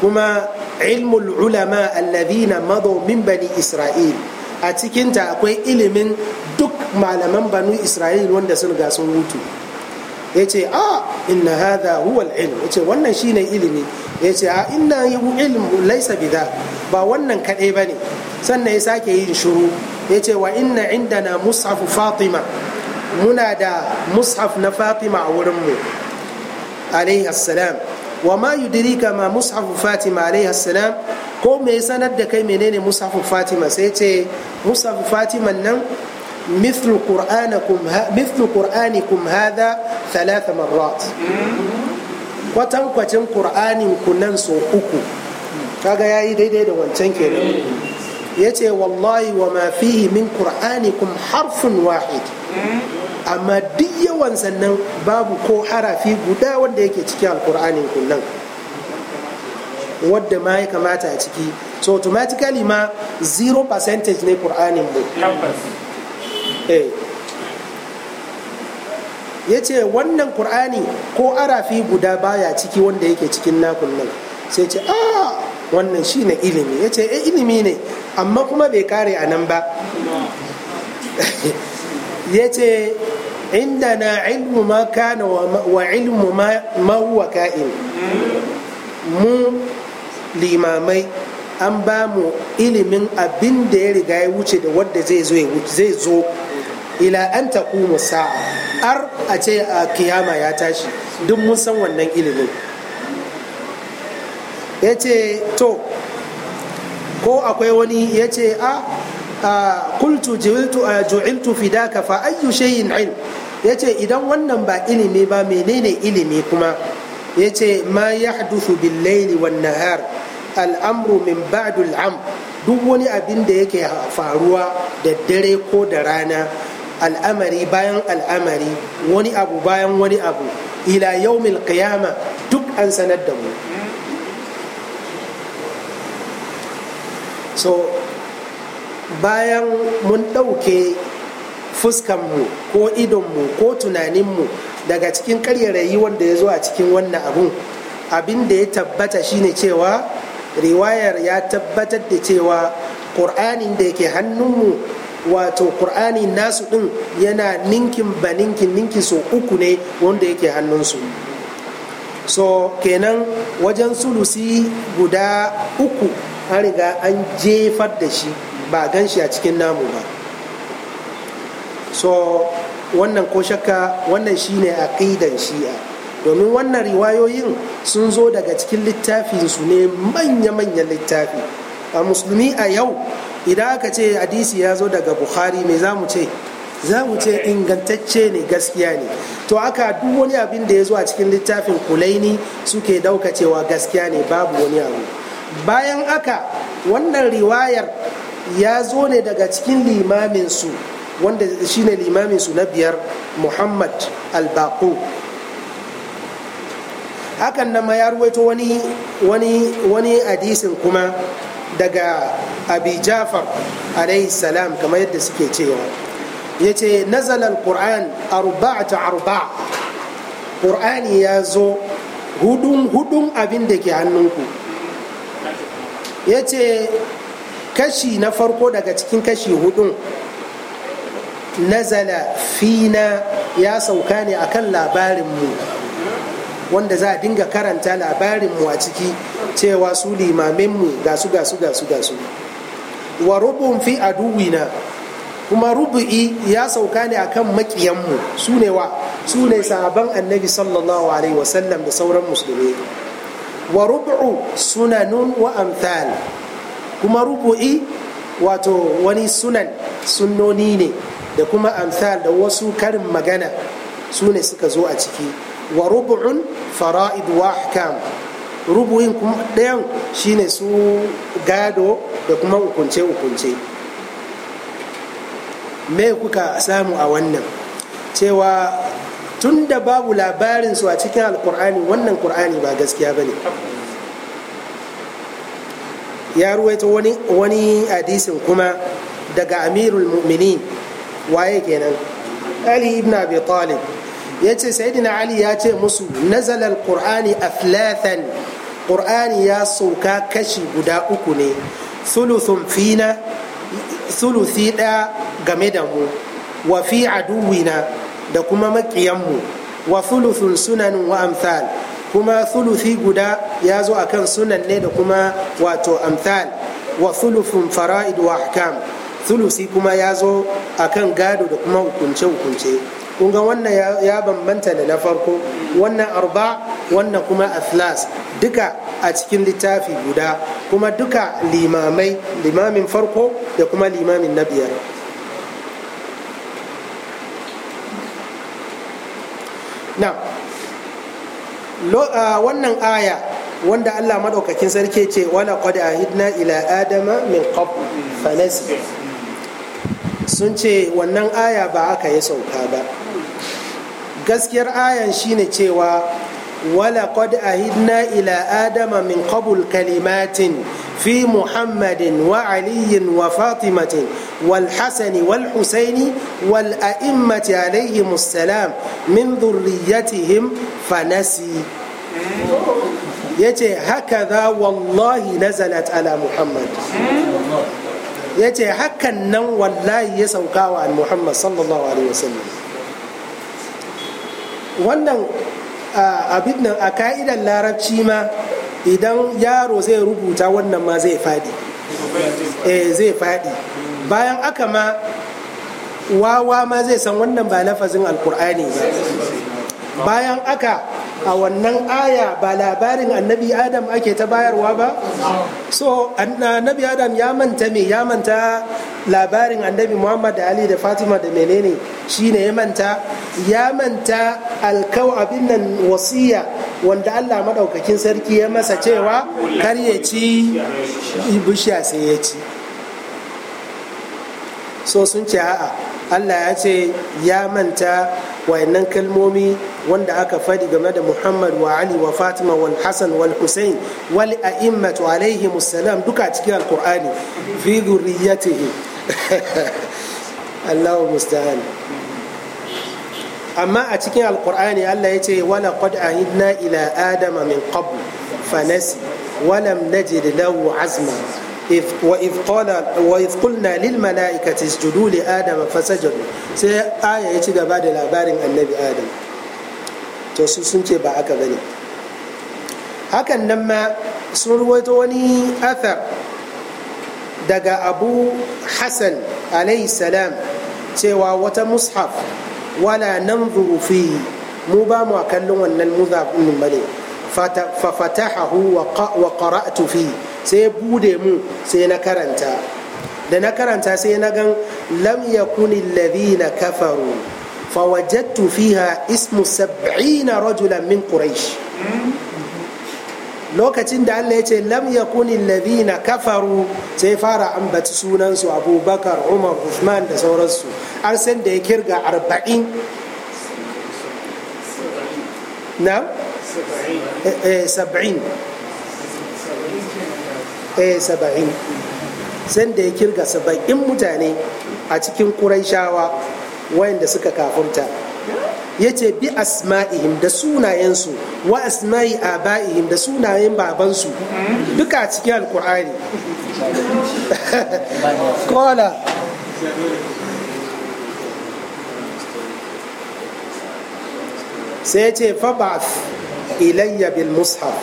kuma ilmul ulama alladhina madu min bani isra'il a cikinta akwai ilimin duk malaman banu isra'il wanda sun ga sun mutu ya ce a ah, inna hada huwa ilm ya ce wannan shine ilimi ya ce a ah, inna ilm laisa bida ba wannan kaɗai ba ne sannan ya sake yin shuru ya ce wa inna indana mushafu fatima muna da mushaf na fatima a wurinmu alaihi assalam wa ma yudrika ma mushafu fatima alaihi assalam ko me sanar da kai menene mushaf fatima sai ce mushafu fatima nan مثل قرآنكم مثل قرآنكم هذا ثلاث مرات kwatankwacin ƙur'anin ku nan uku kaga ya yi daidai da wancan kenan ya ce wallahi wa ma fihi min ƙur'anikum harfin wahid amma duk yawan sannan babu ko harafi guda wanda yake cikin alƙur'anin ku nan wadda ma ya kamata a ciki so automatically ma zero percentage ne ƙur'anin mu ya ce wannan Kur'ani ko arafi guda baya ciki wanda yake cikin nakun nan sai ce a ah, wannan shi na ilimi ya ce eh, ilimi ne amma kuma bai kare a nan ba ya ce inda na ilmu ma kana wa ilmu ma huwa ka'in mu limamai an ba mu ilimin abin da ya riga ya wuce da wadda zai zo ila an taqumu sa'a ar a ce a kiyama ya tashi duk mun san wannan ilimin ya ce to ko akwai wani ya ce a kultu a ju'iltu fidaka fa ayyu shay'in ilm ya ce idan wannan ba ilimi ba menene ilimi kuma ya ce ma ya hadufu billaili wan nahar al'amru min ba'dul am duk wani abin da yake faruwa da dare ko da rana al'amari bayan al'amari wani abu bayan wani abu ila yaumil qiyama duk an sanar da mu so bayan mun ɗauke fuskanmu ko idonmu ko tunaninmu daga cikin karyarayi wanda ya zo a cikin wannan abun abin da ya tabbata shine cewa riwayar ya tabbatar da cewa ƙur'anin da yake hannunmu wato qur'ani nasu din yana ninkin ba ninkin ninki so uku ne wanda yake hannunsu so kenan wajen sulusi guda uku an riga an jefar da shi ba gan shi a cikin namu ba so wannan ko shakka wannan shine ka'idan shi'a domin wannan riwayoyin sun zo daga cikin littafinsu ne manya-manyan littafi a musulmi a yau idan aka ce hadisi ya zo daga bukhari me za mu ce za mu ce ingantacce ne gaskiya ne to aka duk wani abin da ya zo a cikin littafin kulaini suke dauka cewa gaskiya ne babu wani abu bayan aka wannan riwayar ya zo ne daga cikin limaminsu wanda shine limaminsu na biyar muhammad albaqo hakan nan ma ya ruwaito wani hadisin kuma daga abi jafar alayhi salam kamar yadda suke cewa ya ce nazalar ƙur'an ta arba ƙur'ani ya zo hudun hudun abin da ke hannunku ya ce kashi na farko daga cikin kashi hudun nazala fina ya sauka ne akan labarinmu wanda za a dinga karanta labarinmu a ciki cewa su limaminmu ga su ga su ga su ga su wa rubun fi aduwina kuma rubu'i ya sauka ne akan makiyanmu su ne wa su ne sahaban annabi sallallahu alaihi wasallam da sauran musulmi wa rubu'u sunanun wa amthal kuma rubu'i wato wani sunan sunnoni ne da kuma amthal da wasu karin magana su ne suka zo a ciki wa rubu'un fara'id wa ahkam rubu'in kuma ɗayan shine su gado da kuma hukunce-hukunce me kuka samu a wannan cewa tun da babu labarinsu a cikin alkur'ani wannan kur'ani ba gaskiya ba ne ya ruwaito wani, wani hadisin kuma daga amirul mu'mini waye kenan ali ibn abi talib ya ce sayidina ali ya ce musu nazalal a aflathan ƙur'ani ya sauka kashi guda uku ne sulusi ɗaya game da mu wa fi aduwina da kuma maƙiyanmu wa sulusun sunanin wa amsal kuma sulusi guda ya zo a kan sunan ne da kuma wato amsal wa sulusun fara'id wa ahkam sulusi kuma ya zo a kan gado da kuma hukunce-hukunce kun ga wannan ya bambanta da na farko wannan arba wannan kuma athlas duka a cikin littafi guda kuma duka limamai limamin farko da kuma limamin na biyar na wannan aya wanda Allah maɗaukakin sarki ce wala qad ahidna ila adama min qabl fa sun ce wannan aya ba aka yi sauka ba gaskiyar ayan shine cewa wala kod hidna ila adama min qabul kalimatin fi muhammadin wa aliyin wa fatimatin wal hasani wal husaini wal a'immati alaihi musalam min zurriyatihim fanasi ya ce haka za wallahi nazalat ala muhammad ya ce hakan nan wallahi ya sauka wa muhammad sallallahu alaihi wasallam wannan abin nan a ka'idan larabci ma idan yaro zai rubuta wannan ma zai faɗi eh, zai fadi bayan aka ma wawa ma zai san wannan ba lafazin alkur'ani ba bayan aka a wannan aya ba labarin annabi adam ake ta bayarwa ba so annabi adam ya manta me ya manta labarin annabi muhammad da ali da fatima da menene shine ya manta ya manta alkau abin nan wasiya wanda allah maɗaukakin sarki ya masa cewa kar ya ci bishiya sai ya ci so sun ce a'a allah ya ce ya manta wayannan kalmomi wanda aka faɗi game da muhammad wa ali wa fatima wal hassan wal hussein wal a'immatu alaihi musallam duka cikin alkur'ani fi zurriyatihi allahu musta'an amma a cikin alkur'ani allah ya ce wala qad ahidna ila adama min qabl fanasi walam najid lahu azma وإذ قال وإذ قلنا للملائكة اسجدوا لآدم فسجدوا سي آية يتيجا بعد لابارين النبي آدم تسوسن كي بعك بني هكا نما سنور ويتواني أثر دقا أبو حسن عليه السلام سيوا وتمصحف ولا ننظر فيه موبا مؤكلون أن المذاب من ففتحه وقرأت فيه sai bude mu sai na karanta da na karanta sai na gan lam yakuni alladhina kafaru fawajadtu fiha ismu sab'ina rajulan min quraish lokacin da Allah ya ce lam yakuni alladhina kafaru sai fara ambaci sunan su Abubakar Umar Uthman da sauransu an san da ya kirga arba'in. na 70 eh, eh, ɗaya eh, saba'in sanda ya kirga saba'in mutane a cikin ƙuraishawa wayanda suka kafurta ya ce bi asma'ihim da sunayensu wa asma'i aba'ihim da sunayen babansu duka a cikin alkur'ani kola sai ya ce fa ilayya bil mushaf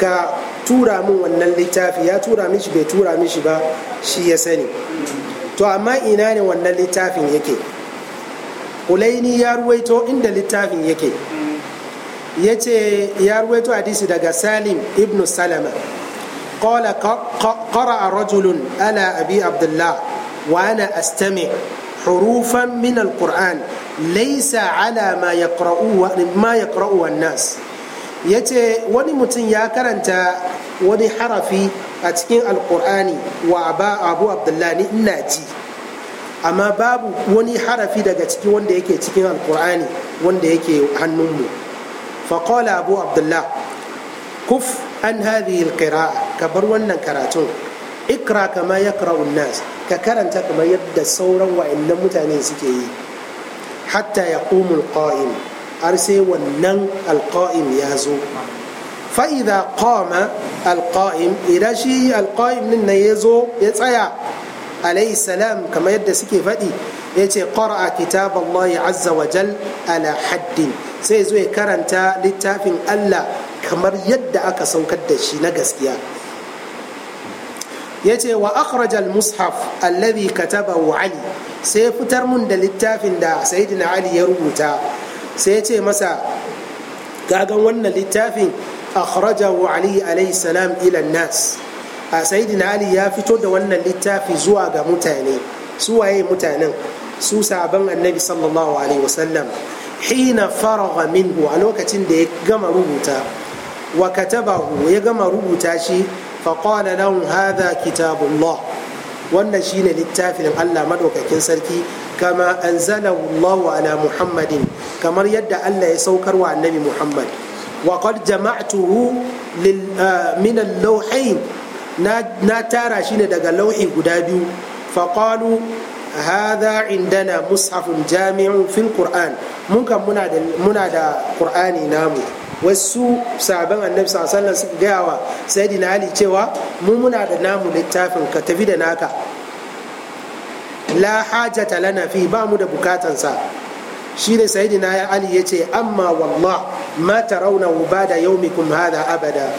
ka tura min wannan littafi ya tura mishi bai tura mishi ba shi ya sani to amma ina ne wannan littafin yake kulaini ya ruwaito inda littafin yake ya ce ya ruwaito hadisi daga salim ibn salama a rajulun ala abi abdullah wa ana وأنا hurufan min al-qur'an laisa ala ma ya ما يقرؤه nas. ya ce wani mutum ya karanta wani harafi a cikin alkur'ani wa ba abu abdullahi ina ji amma babu wani harafi daga ciki wanda yake cikin alkur'ani wanda yake hannunmu faƙola abu abdullah kuf an hadhihi alqira'a ka bar wannan karatun ikra kama yaqra'u nas ka karanta kamar yadda sauran wa'annan mutane suke yi hatta yaqumu alqa'im har sai wannan alqa'im ya zo fa'iza qama alqa'im idan shi alqa'im din nan ya zo ya tsaya alayhi salam kamar yadda suke faɗi ya ce qara'a kitab Allah azza wa jal ala haddin sai zo ya karanta littafin Allah kamar yadda aka saukar da shi na gaskiya ya ce wa akhraj al-mushaf alladhi katabahu ali sai fitar mun da littafin da sayyidina ali ya rubuta sai ya ce masa gagan wannan littafin akhrajahu ali alayhi salam ila nas a sayyidina ali ya fito da wannan littafi zuwa ga mutane su waye mutanen su sabon annabi sallallahu alaihi wasallam hina faragha minhu a lokacin da ya gama rubuta wa katabahu ya gama rubuta shi fa qala lahum hadha kitabullah wannan shine littafin Allah madaukakin sarki kama anzalahu Allah ala Muhammadin kamar yadda Allah ya saukar wa annabi Muhammad wa qad jama'tuhu ah, min al-lawhayn na tara shine daga lauhi guda biyu faƙalu hadha indana mushafun jami'un fil qur'an mun kan muna da muna da qur'ani namu wasu sahaban annabi sallallahu suka gaya wa sayyidina ali cewa mu muna da namu littafin ka tafi da naka la hajata lana fi ba mu da bukatansa shi ne sayyidina ali ya ce amma wallah ma tarawna bada yawmikum hada abada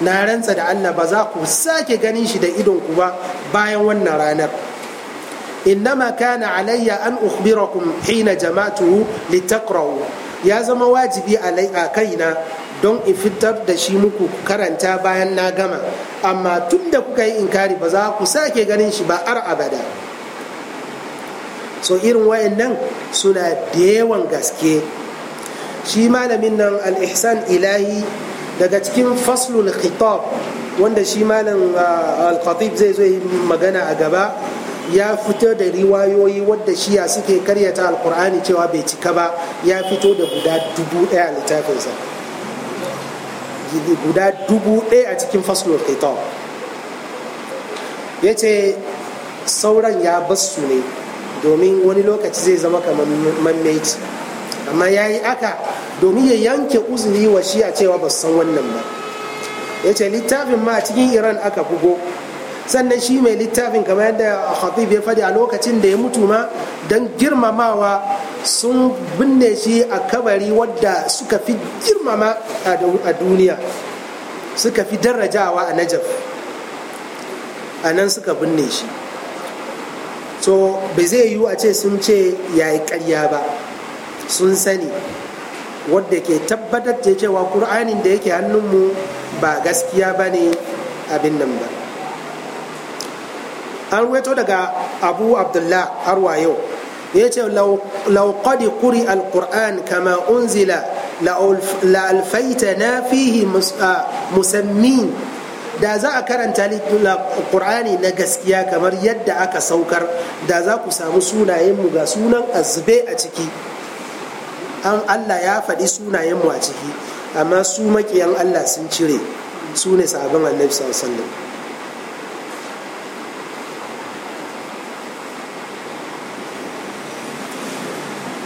na rantsa da Allah ba za ku sake ganin shi da ku ba bayan wannan ranar innama kana alayya an ukhbirakum hina jama'tu litaqra'u ya zama wajibi a kaina don in fitar da shi muku karanta bayan na gama amma tun da kuka yi inkari ba za ku sake ganin shi ba ar abada so irin wayannan suna da yawan gaske shi malamin nan al-ihsan ilahi daga cikin faslul khitab wanda shi malam ah, al-khatib zai zo magana a gaba ya fito da riwayoyi wadda shiya suke karyata alkur'ani cewa bai cika ba ya fito da guda dubu ɗaya a littafinsa guda dubu ɗaya a cikin kai khitab ya ce sauran ya basu ne domin wani lokaci zai zama kamar mammaci amma ya yi aka domin ya yanke uzuri wa shiya cewa ba san wannan ba ya ce littafin ma cikin iran aka bugo sannan shi mai littafin kamar yadda khatib ya faɗi a lokacin da ya mutu ma don girmamawa sun binne shi a kabari wadda suka fi girmama a duniya suka fi darajawa a najaf a nan suka binne shi so bai zai yiwu a ce sun ce yayi karya ba sun sani wadda ke tabbatar da cewa ƙur'anin da yake hannunmu ba gaskiya ba ne abin nan ba an ruwaito daga abu abdullah har yau ya ce laukadi kuri alƙur'an kama unzila la'alfaita na fihi musammin da za a karanta ƙur'ani na gaskiya kamar yadda aka saukar da za ku samu sunayenmu ga sunan azube a ciki an allah ya faɗi sunayenmu a ciki amma su maƙiyan allah sun cire su ne sabon annabi sallallahu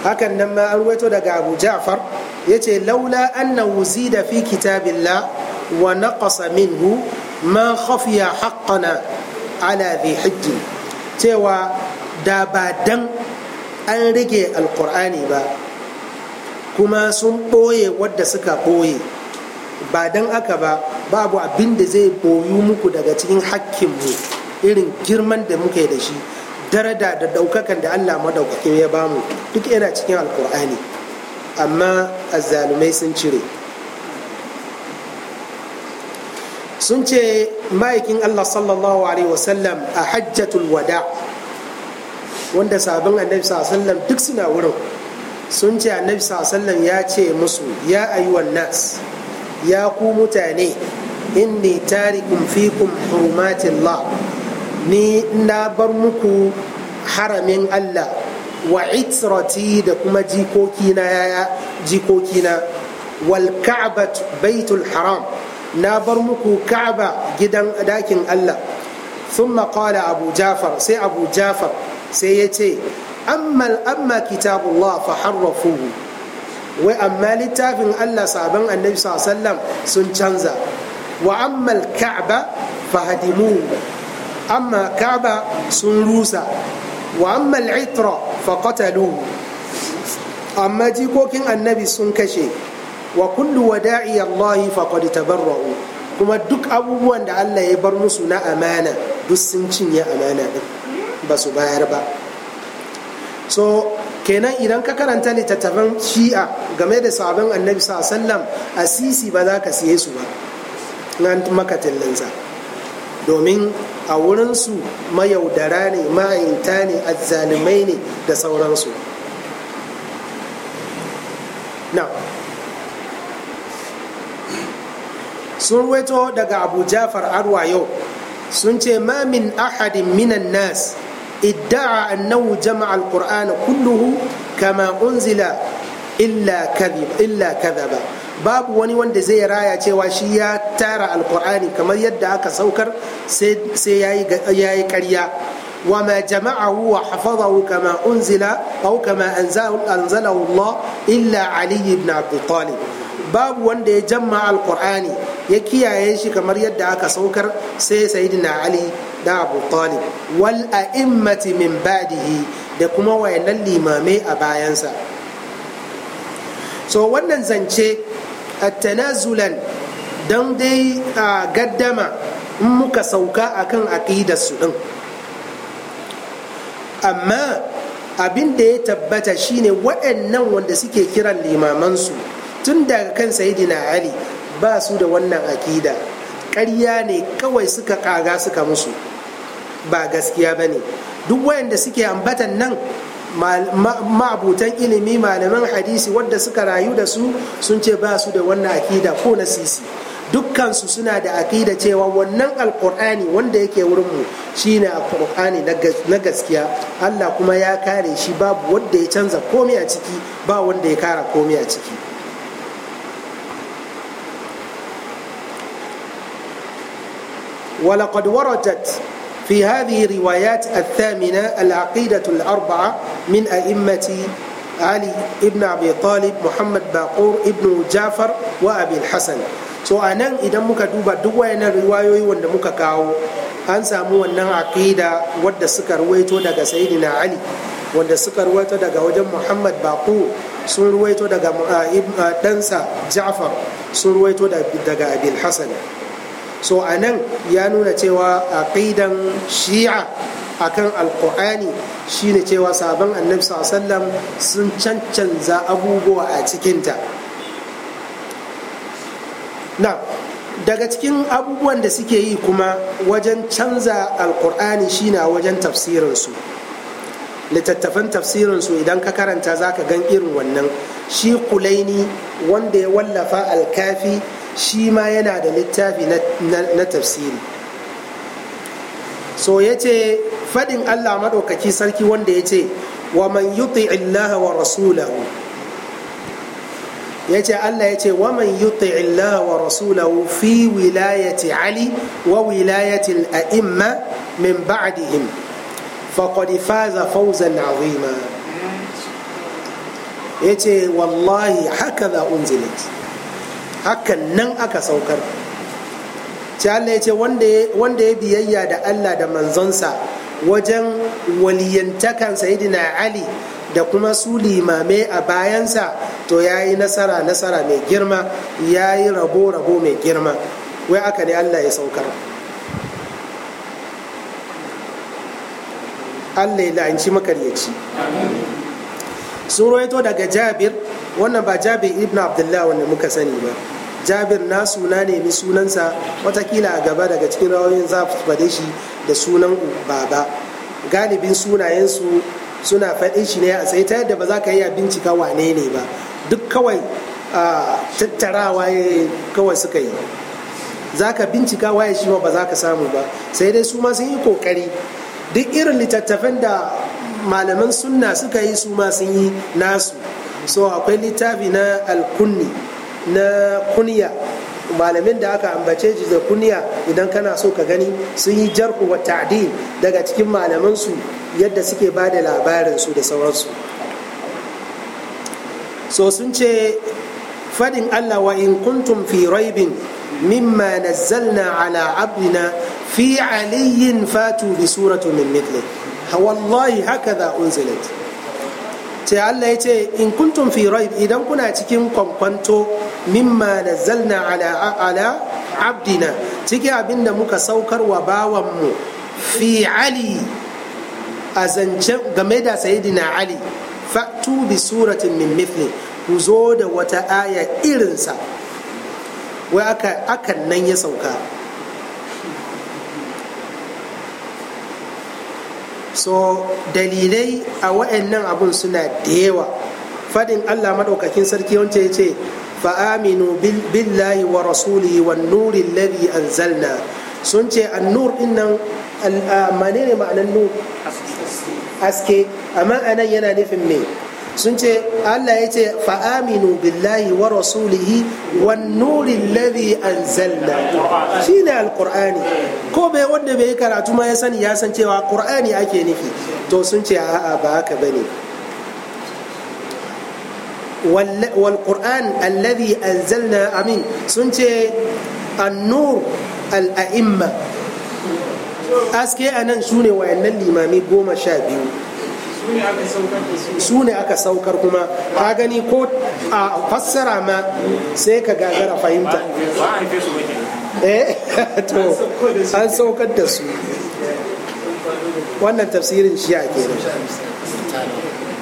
hakan nan ma an ruwaito daga abu ja'far ya ce laula annahu da fi kitabillah wa naqasa minhu ma khafiya haqqana ala dhi hijji cewa da ba dan an rage Alƙur'ani ba kuma sun ɓoye wadda suka ɓoye ba dan aka ba babu abin da zai boyu muku daga cikin mu irin girman da muke da shi daraja da daukakan da Allah madaukakin ya bamu duk yana cikin alkur'ani amma azzalumai sun cire sun ce ma'aikin Allah sallallahu alaihi wasallam a hajjatul wada wanda sabon annabi sallam duk suna wurin sun ce annabi sallam ya ce musu ya wa nas ya ku mutane inni tarikum fikum hurumatillah ni na bar muku haramin Allah wa itrati da kuma jikokina yaya jikokina wal ka'bat baitul haram na bar muku ka'aba gidan dakin Allah thumma qala abu jafar sai abu jafar sai ya ce amma amma kitabullah fa harrafuhu wai amma littafin Allah sabon annabi sallallahu alaihi wasallam sun canza wa amma al-ka'ba fa hadimuhu amma ka'aba sun rusa wa amma al'itra fa amma jikokin annabi sun kashe wa kullu wada'i Allah faqad tabarra'u kuma duk abubuwan da Allah ya bar musu na amana duk sun cinye amana din ba su bayar ba so kenan idan ka karanta littattafan shi'a game da sabon annabi sallam asisi ba za ka siye su ba nan maka tallansa domin a wurinsu mayaudara ne ma'ayinta ne azzalumai ne da sauransu na sun weto daga abu jafar arwa yau sun ce ma min ahadin minan nas idda'a annahu jama'a ƙurani kulluhu kama unzila illa kadhaba babu wani wanda zai raya cewa shi ya tara alqur'ani kamar yadda aka saukar sai yayi yayi ƙarya wa ma jama'ahu wa hafazahu unzila aw kama anzala anzala illa ali ibn abi babu wanda ya jama'a alqur'ani ya kiyaye shi kamar yadda aka saukar sai sayyidina ali da abu talib wal a'immati min ba'dih da kuma wayan limamai a bayansa so wannan zance a tanazulan don dai a gaddama in muka sauka akan su ɗin amma abin da ya tabbata shine waɗannan wanda suke kiran limamansu tun daga kan sayidina ali ba su da wannan aƙida ƙarya ne kawai suka ƙaga suka musu ba gaskiya ba ne duk wayanda suke ambatan nan ma'abutan ilimi malaman hadisi wadda suka rayu da su sun ce ba su da wannan akida ko na sisi dukkansu suna da akida cewa wannan alkur'ani wanda yake wurinmu shine alkur'ani na gaskiya allah kuma ya kare shi babu wanda ya canza komai a ciki ba wanda ya kara komai a ciki ولقد وردت في هذه روايات الثامنة العقيدة الأربعة من أئمة علي ابن أبي طالب محمد باقور ابن جعفر وأبي الحسن so a nan idan muka duba duk wayannan riwayoyi wanda muka kawo an samu wannan aqida wadda suka ruwaito daga sayyidina ali wanda suka ruwaito daga wajen muhammad baqu sun ruwaito daga dansa ah, ah, ja'far sun ruwaito daga abil hasan so a nan ya nuna cewa a ka'idan shi'a a kan akan shi ne cewa sabon annabi sallam sun cancanza abubuwa a cikinta na daga cikin abubuwan da suke yi kuma wajen canza shi na wajen tafsirinsu littattafan tafsirinsu idan ka karanta za ka gan irin wannan shi kulaini wanda ya wallafa alkafi shi ma yana da littafi na tafsiri so ya ce faɗin allah maɗaukaki sarki wanda ya ce wa man yuti Illah wa rasulahu ya ce allah ya ce wa man yuti Illah wa rasulahu fi wilayati ali wa wilayati al'a'imma min ba'dihim faqad faza fawzan azima ya ce wallahi haka za unzilat hakan nan aka saukar ce Allah ya ce wanda ya biyayya da Allah da manzonsa wajen waliyantakan sayidina Ali da kuma su limame a bayansa to ya yi nasara nasara mai girma ya yi rabo rabo mai girma wai aka ne Allah ya saukar Allah ya la'anci makaryaci ya to daga jabir wannan ba jabir ibn abdullah wanda muka sani ba jabir na suna nemi sunansa watakila a gaba daga cikin rawayoyin za su faɗe shi da sunan baba galibin sunayensu suna faɗin shi ne a tsaye ta yadda ba za ka iya bincika wane ne ba duk kawai tattarawa kawai suka yi za ka bincika waye shi ba za ka samu ba sai dai su ma sun yi kokari duk irin littattafan da malaman sunna suka yi su ma sun yi nasu so akwai littafi na alkunni na kunya malamin da aka ambace shi da kunya idan kana so ka gani sun yi jarku wa daga cikin malamansu yadda suke ba da su da sauransu so sun ce fadin allah wa in kuntum fi raibin mimma nazzalna ala abdina fi aliyin fatu bi suratu min mithli wallahi hakaza unzilat sai Allah ya ce in kuntum fi raib idan kuna cikin kwankwanto mimma nazzalna ala ala abdina cikin abin da muka saukar wa bawanmu fi ali a zance game da sayidina ali fa'tu bi suratin min mithli ku zo da wata aya irinsa wai aka nan ya sauka so dalilai a wa'annan abun suna da yawa fadin allah maɗaukakin sarki wance ya ce fa'aminu billahi wa rasuli wa nuri an anzalna sun ce annur din nan manene ma'anan nur aske amma anan yana nufin me sun ce Allah ya ce fa'aminu billahi wa rasulihi wan nuri alladhi anzalna shine alqur'ani ko bai wanda bai karatu ma ya sani ya san cewa qur'ani ake nufi to sun ce a'a ba haka bane wal qur'an alladhi anzalna amin sun ce an-nur al-a'imma aske anan sune wayannan limami goma sha biyu su ne aka saukar kuma ka gani ko a fassara ma sai ka gagara fahimta eh, an saukar da su wannan tafsirin shi a kenan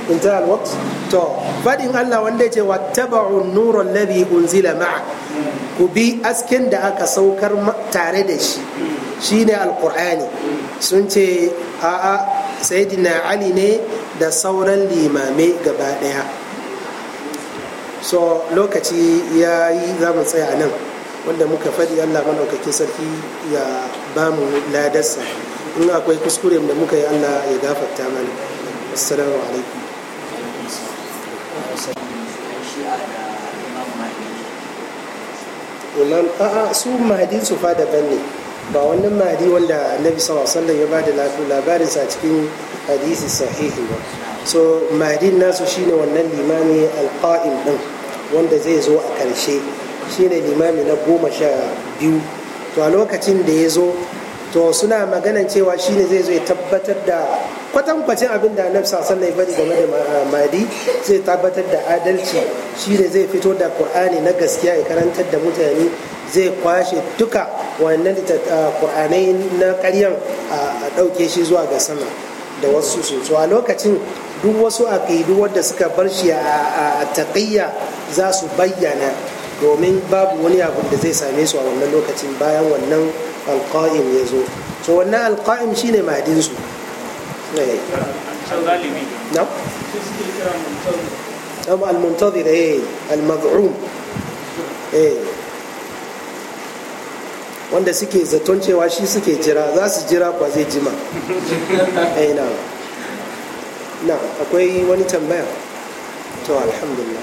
intanet الوقت to fadin allah wanda ce wattaba'u an-nur unzila ma'a ku bi asken da aka saukar tare da shi shine alqur'ani sun ce a'a sayidina ali ne da sauran limamai gaba daya so lokaci ya yi za mu tsaya nan wanda muka faɗi allah maɗaukakin sarki ya ba mu ladarsa in akwai kuskure da muka yi allah ya gafarta mana assalamu alaikum imam a'a su mahadin su fa daban ne ba wannan mahadi wanda annabi sallallahu ba ya bada labarin sa cikin hadisi sahihi ba so mahadi nasu shine wannan limami alqa'im din wanda zai zo a karshe shine limami na goma sha biyu to a lokacin da ya zo to suna maganan cewa shine zai zo ya tabbatar da kwatankwacin abin da annabi sallallahu ya bada game da mahadi. zai tabbatar da adalci shine zai fito da qur'ani na gaskiya ya karantar da mutane zai kwashe duka wannan kur'anai na karyan a ɗauke shi zuwa ga sama da wasu su a lokacin duk wasu akidu wadda suka bar shi a taƙayya za su bayyana domin babu wani abu da zai same su a wannan lokacin bayan wannan alƙa'im ya zo so wannan alƙa'im shine madinsu eh. al-muntazir eh, wanda suke zaton cewa shi suke jira za su jira kwa zai jima eh, na akwai wani tambaya to alhamdulillah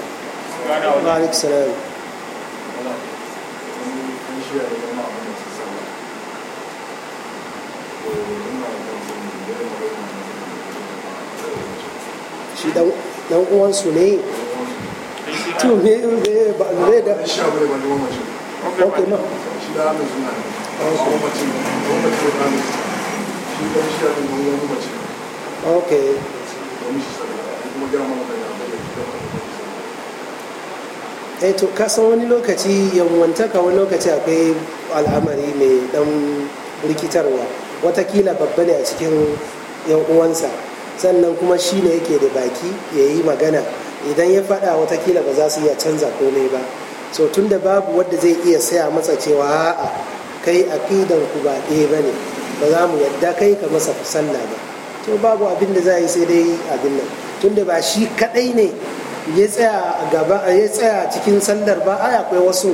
shi dan uwansu ne to me ba da e suna wani eh, wani lokaci yawantaka wani lokaci akwai al'amari mai dan rikitarwa watakila babba ne a cikin yan uwansa sannan kuma shi ne yake da baki ya yi magana idan ya fada watakila ba za su iya canza komai ba so tunda babu wadda zai iya saya masa cewa a'a kai aqidan ku ba ɗaya ne ba za mu yadda kai ka masa sallah ba to babu abin da za a yi sai dai abin nan tunda ba shi kadai ne ya tsaya gaba ya tsaya cikin sallar ba ai akwai wasu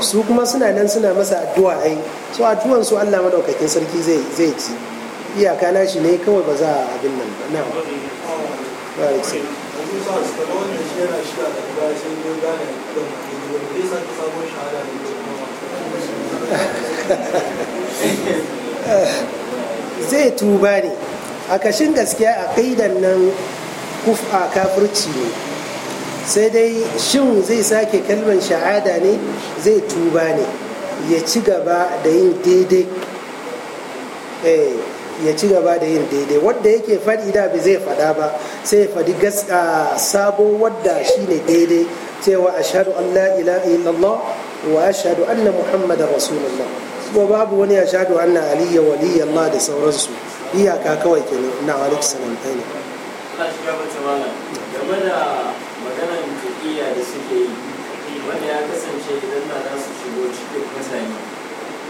su kuma suna nan suna masa addu'a ai so addu'an su Allah madaukakin sarki zai ci iyaka na shi ne kawai ba za a abin nan ba na'am ba sai zai tuba ne a kashin gaskiya a kaidan nan kufa kafirci ne sai dai shin zai sake kalmar sha'ada ne zai tuba ne ya ci gaba da yin daidai eh, ya ci gaba da yin daidai wadda yake faɗi da bai zai faɗa ba sai ya faɗi ah, sabo wadda shine daidai cewa ashhadu an la illallah wa rasulullah kuma babu wani ashhadu anna aliyya da sauransu iyaka kawai kenan ne ya kasance idan na za su shigo cikin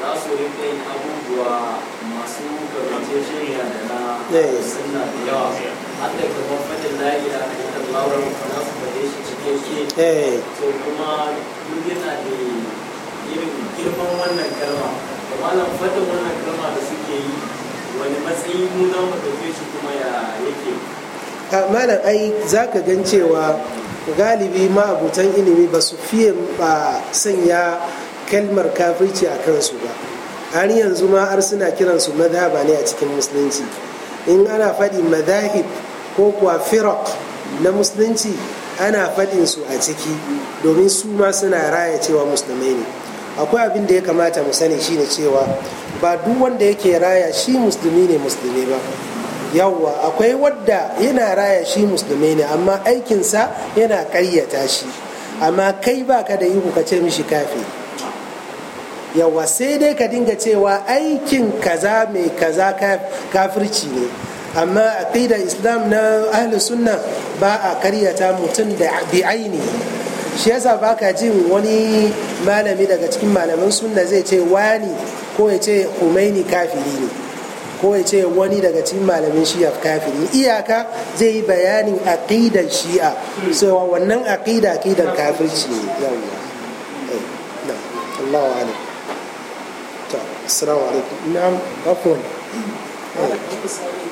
za su abubuwa masu da na eh. da yawa eh to kuma yana da irin girman wannan kalma da malam fatan wannan kalma da suke yi wani matsayi mu za mu dauke shi kuma ya yake a malam ai za ka gan cewa galibi ma'abutan ilimi ba su fiye ba sanya kalmar kafirci a kansu ba har yanzu ma har suna kiransu madhaba ne a cikin musulunci in ana faɗi madahib ko kuwa firak na musulunci ana faɗin su a ciki domin su ma suna raya cewa musulmai ne akwai abin da ya kamata mu sani shine cewa ba duk wanda yake raya shi musulmi ne musulmi ba yawwa akwai wadda yana raya shi musulmi ne amma aikinsa yana ƙayyata shi amma kai ba ka da ihu ka ce mishi kafi yawwa sai dai ka dinga cewa aikin kaza mai kaza kafirci ne amma aqida islam na ahli sunna ba a karyata mutum da bi aini shi yasa baka jin wani malami daga cikin malaman sunna zai ce wani ko ya ce humaini kafiri ne ko ya ce wani daga cikin malamin shi'a kafiri iyaka zai yi bayanin aqidan shi'a so wannan aqida aqidan kafirci ne eh, alim assalamu alaikum na'am afwan eh.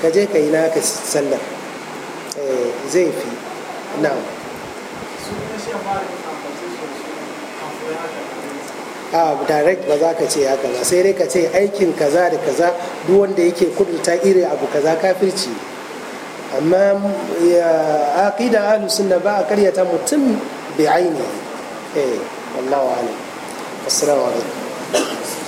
ka je ka yi naka sallar eh, zai fi na'am a direct ba za ka ce haka ba sai dai ka ce aikin kaza da kaza duk wanda yake kudurta iri abu kaza kafirci amma aqida ahlus sunna ba a karyata mutum bi ainihi eh wallahu alim assalamu alaikum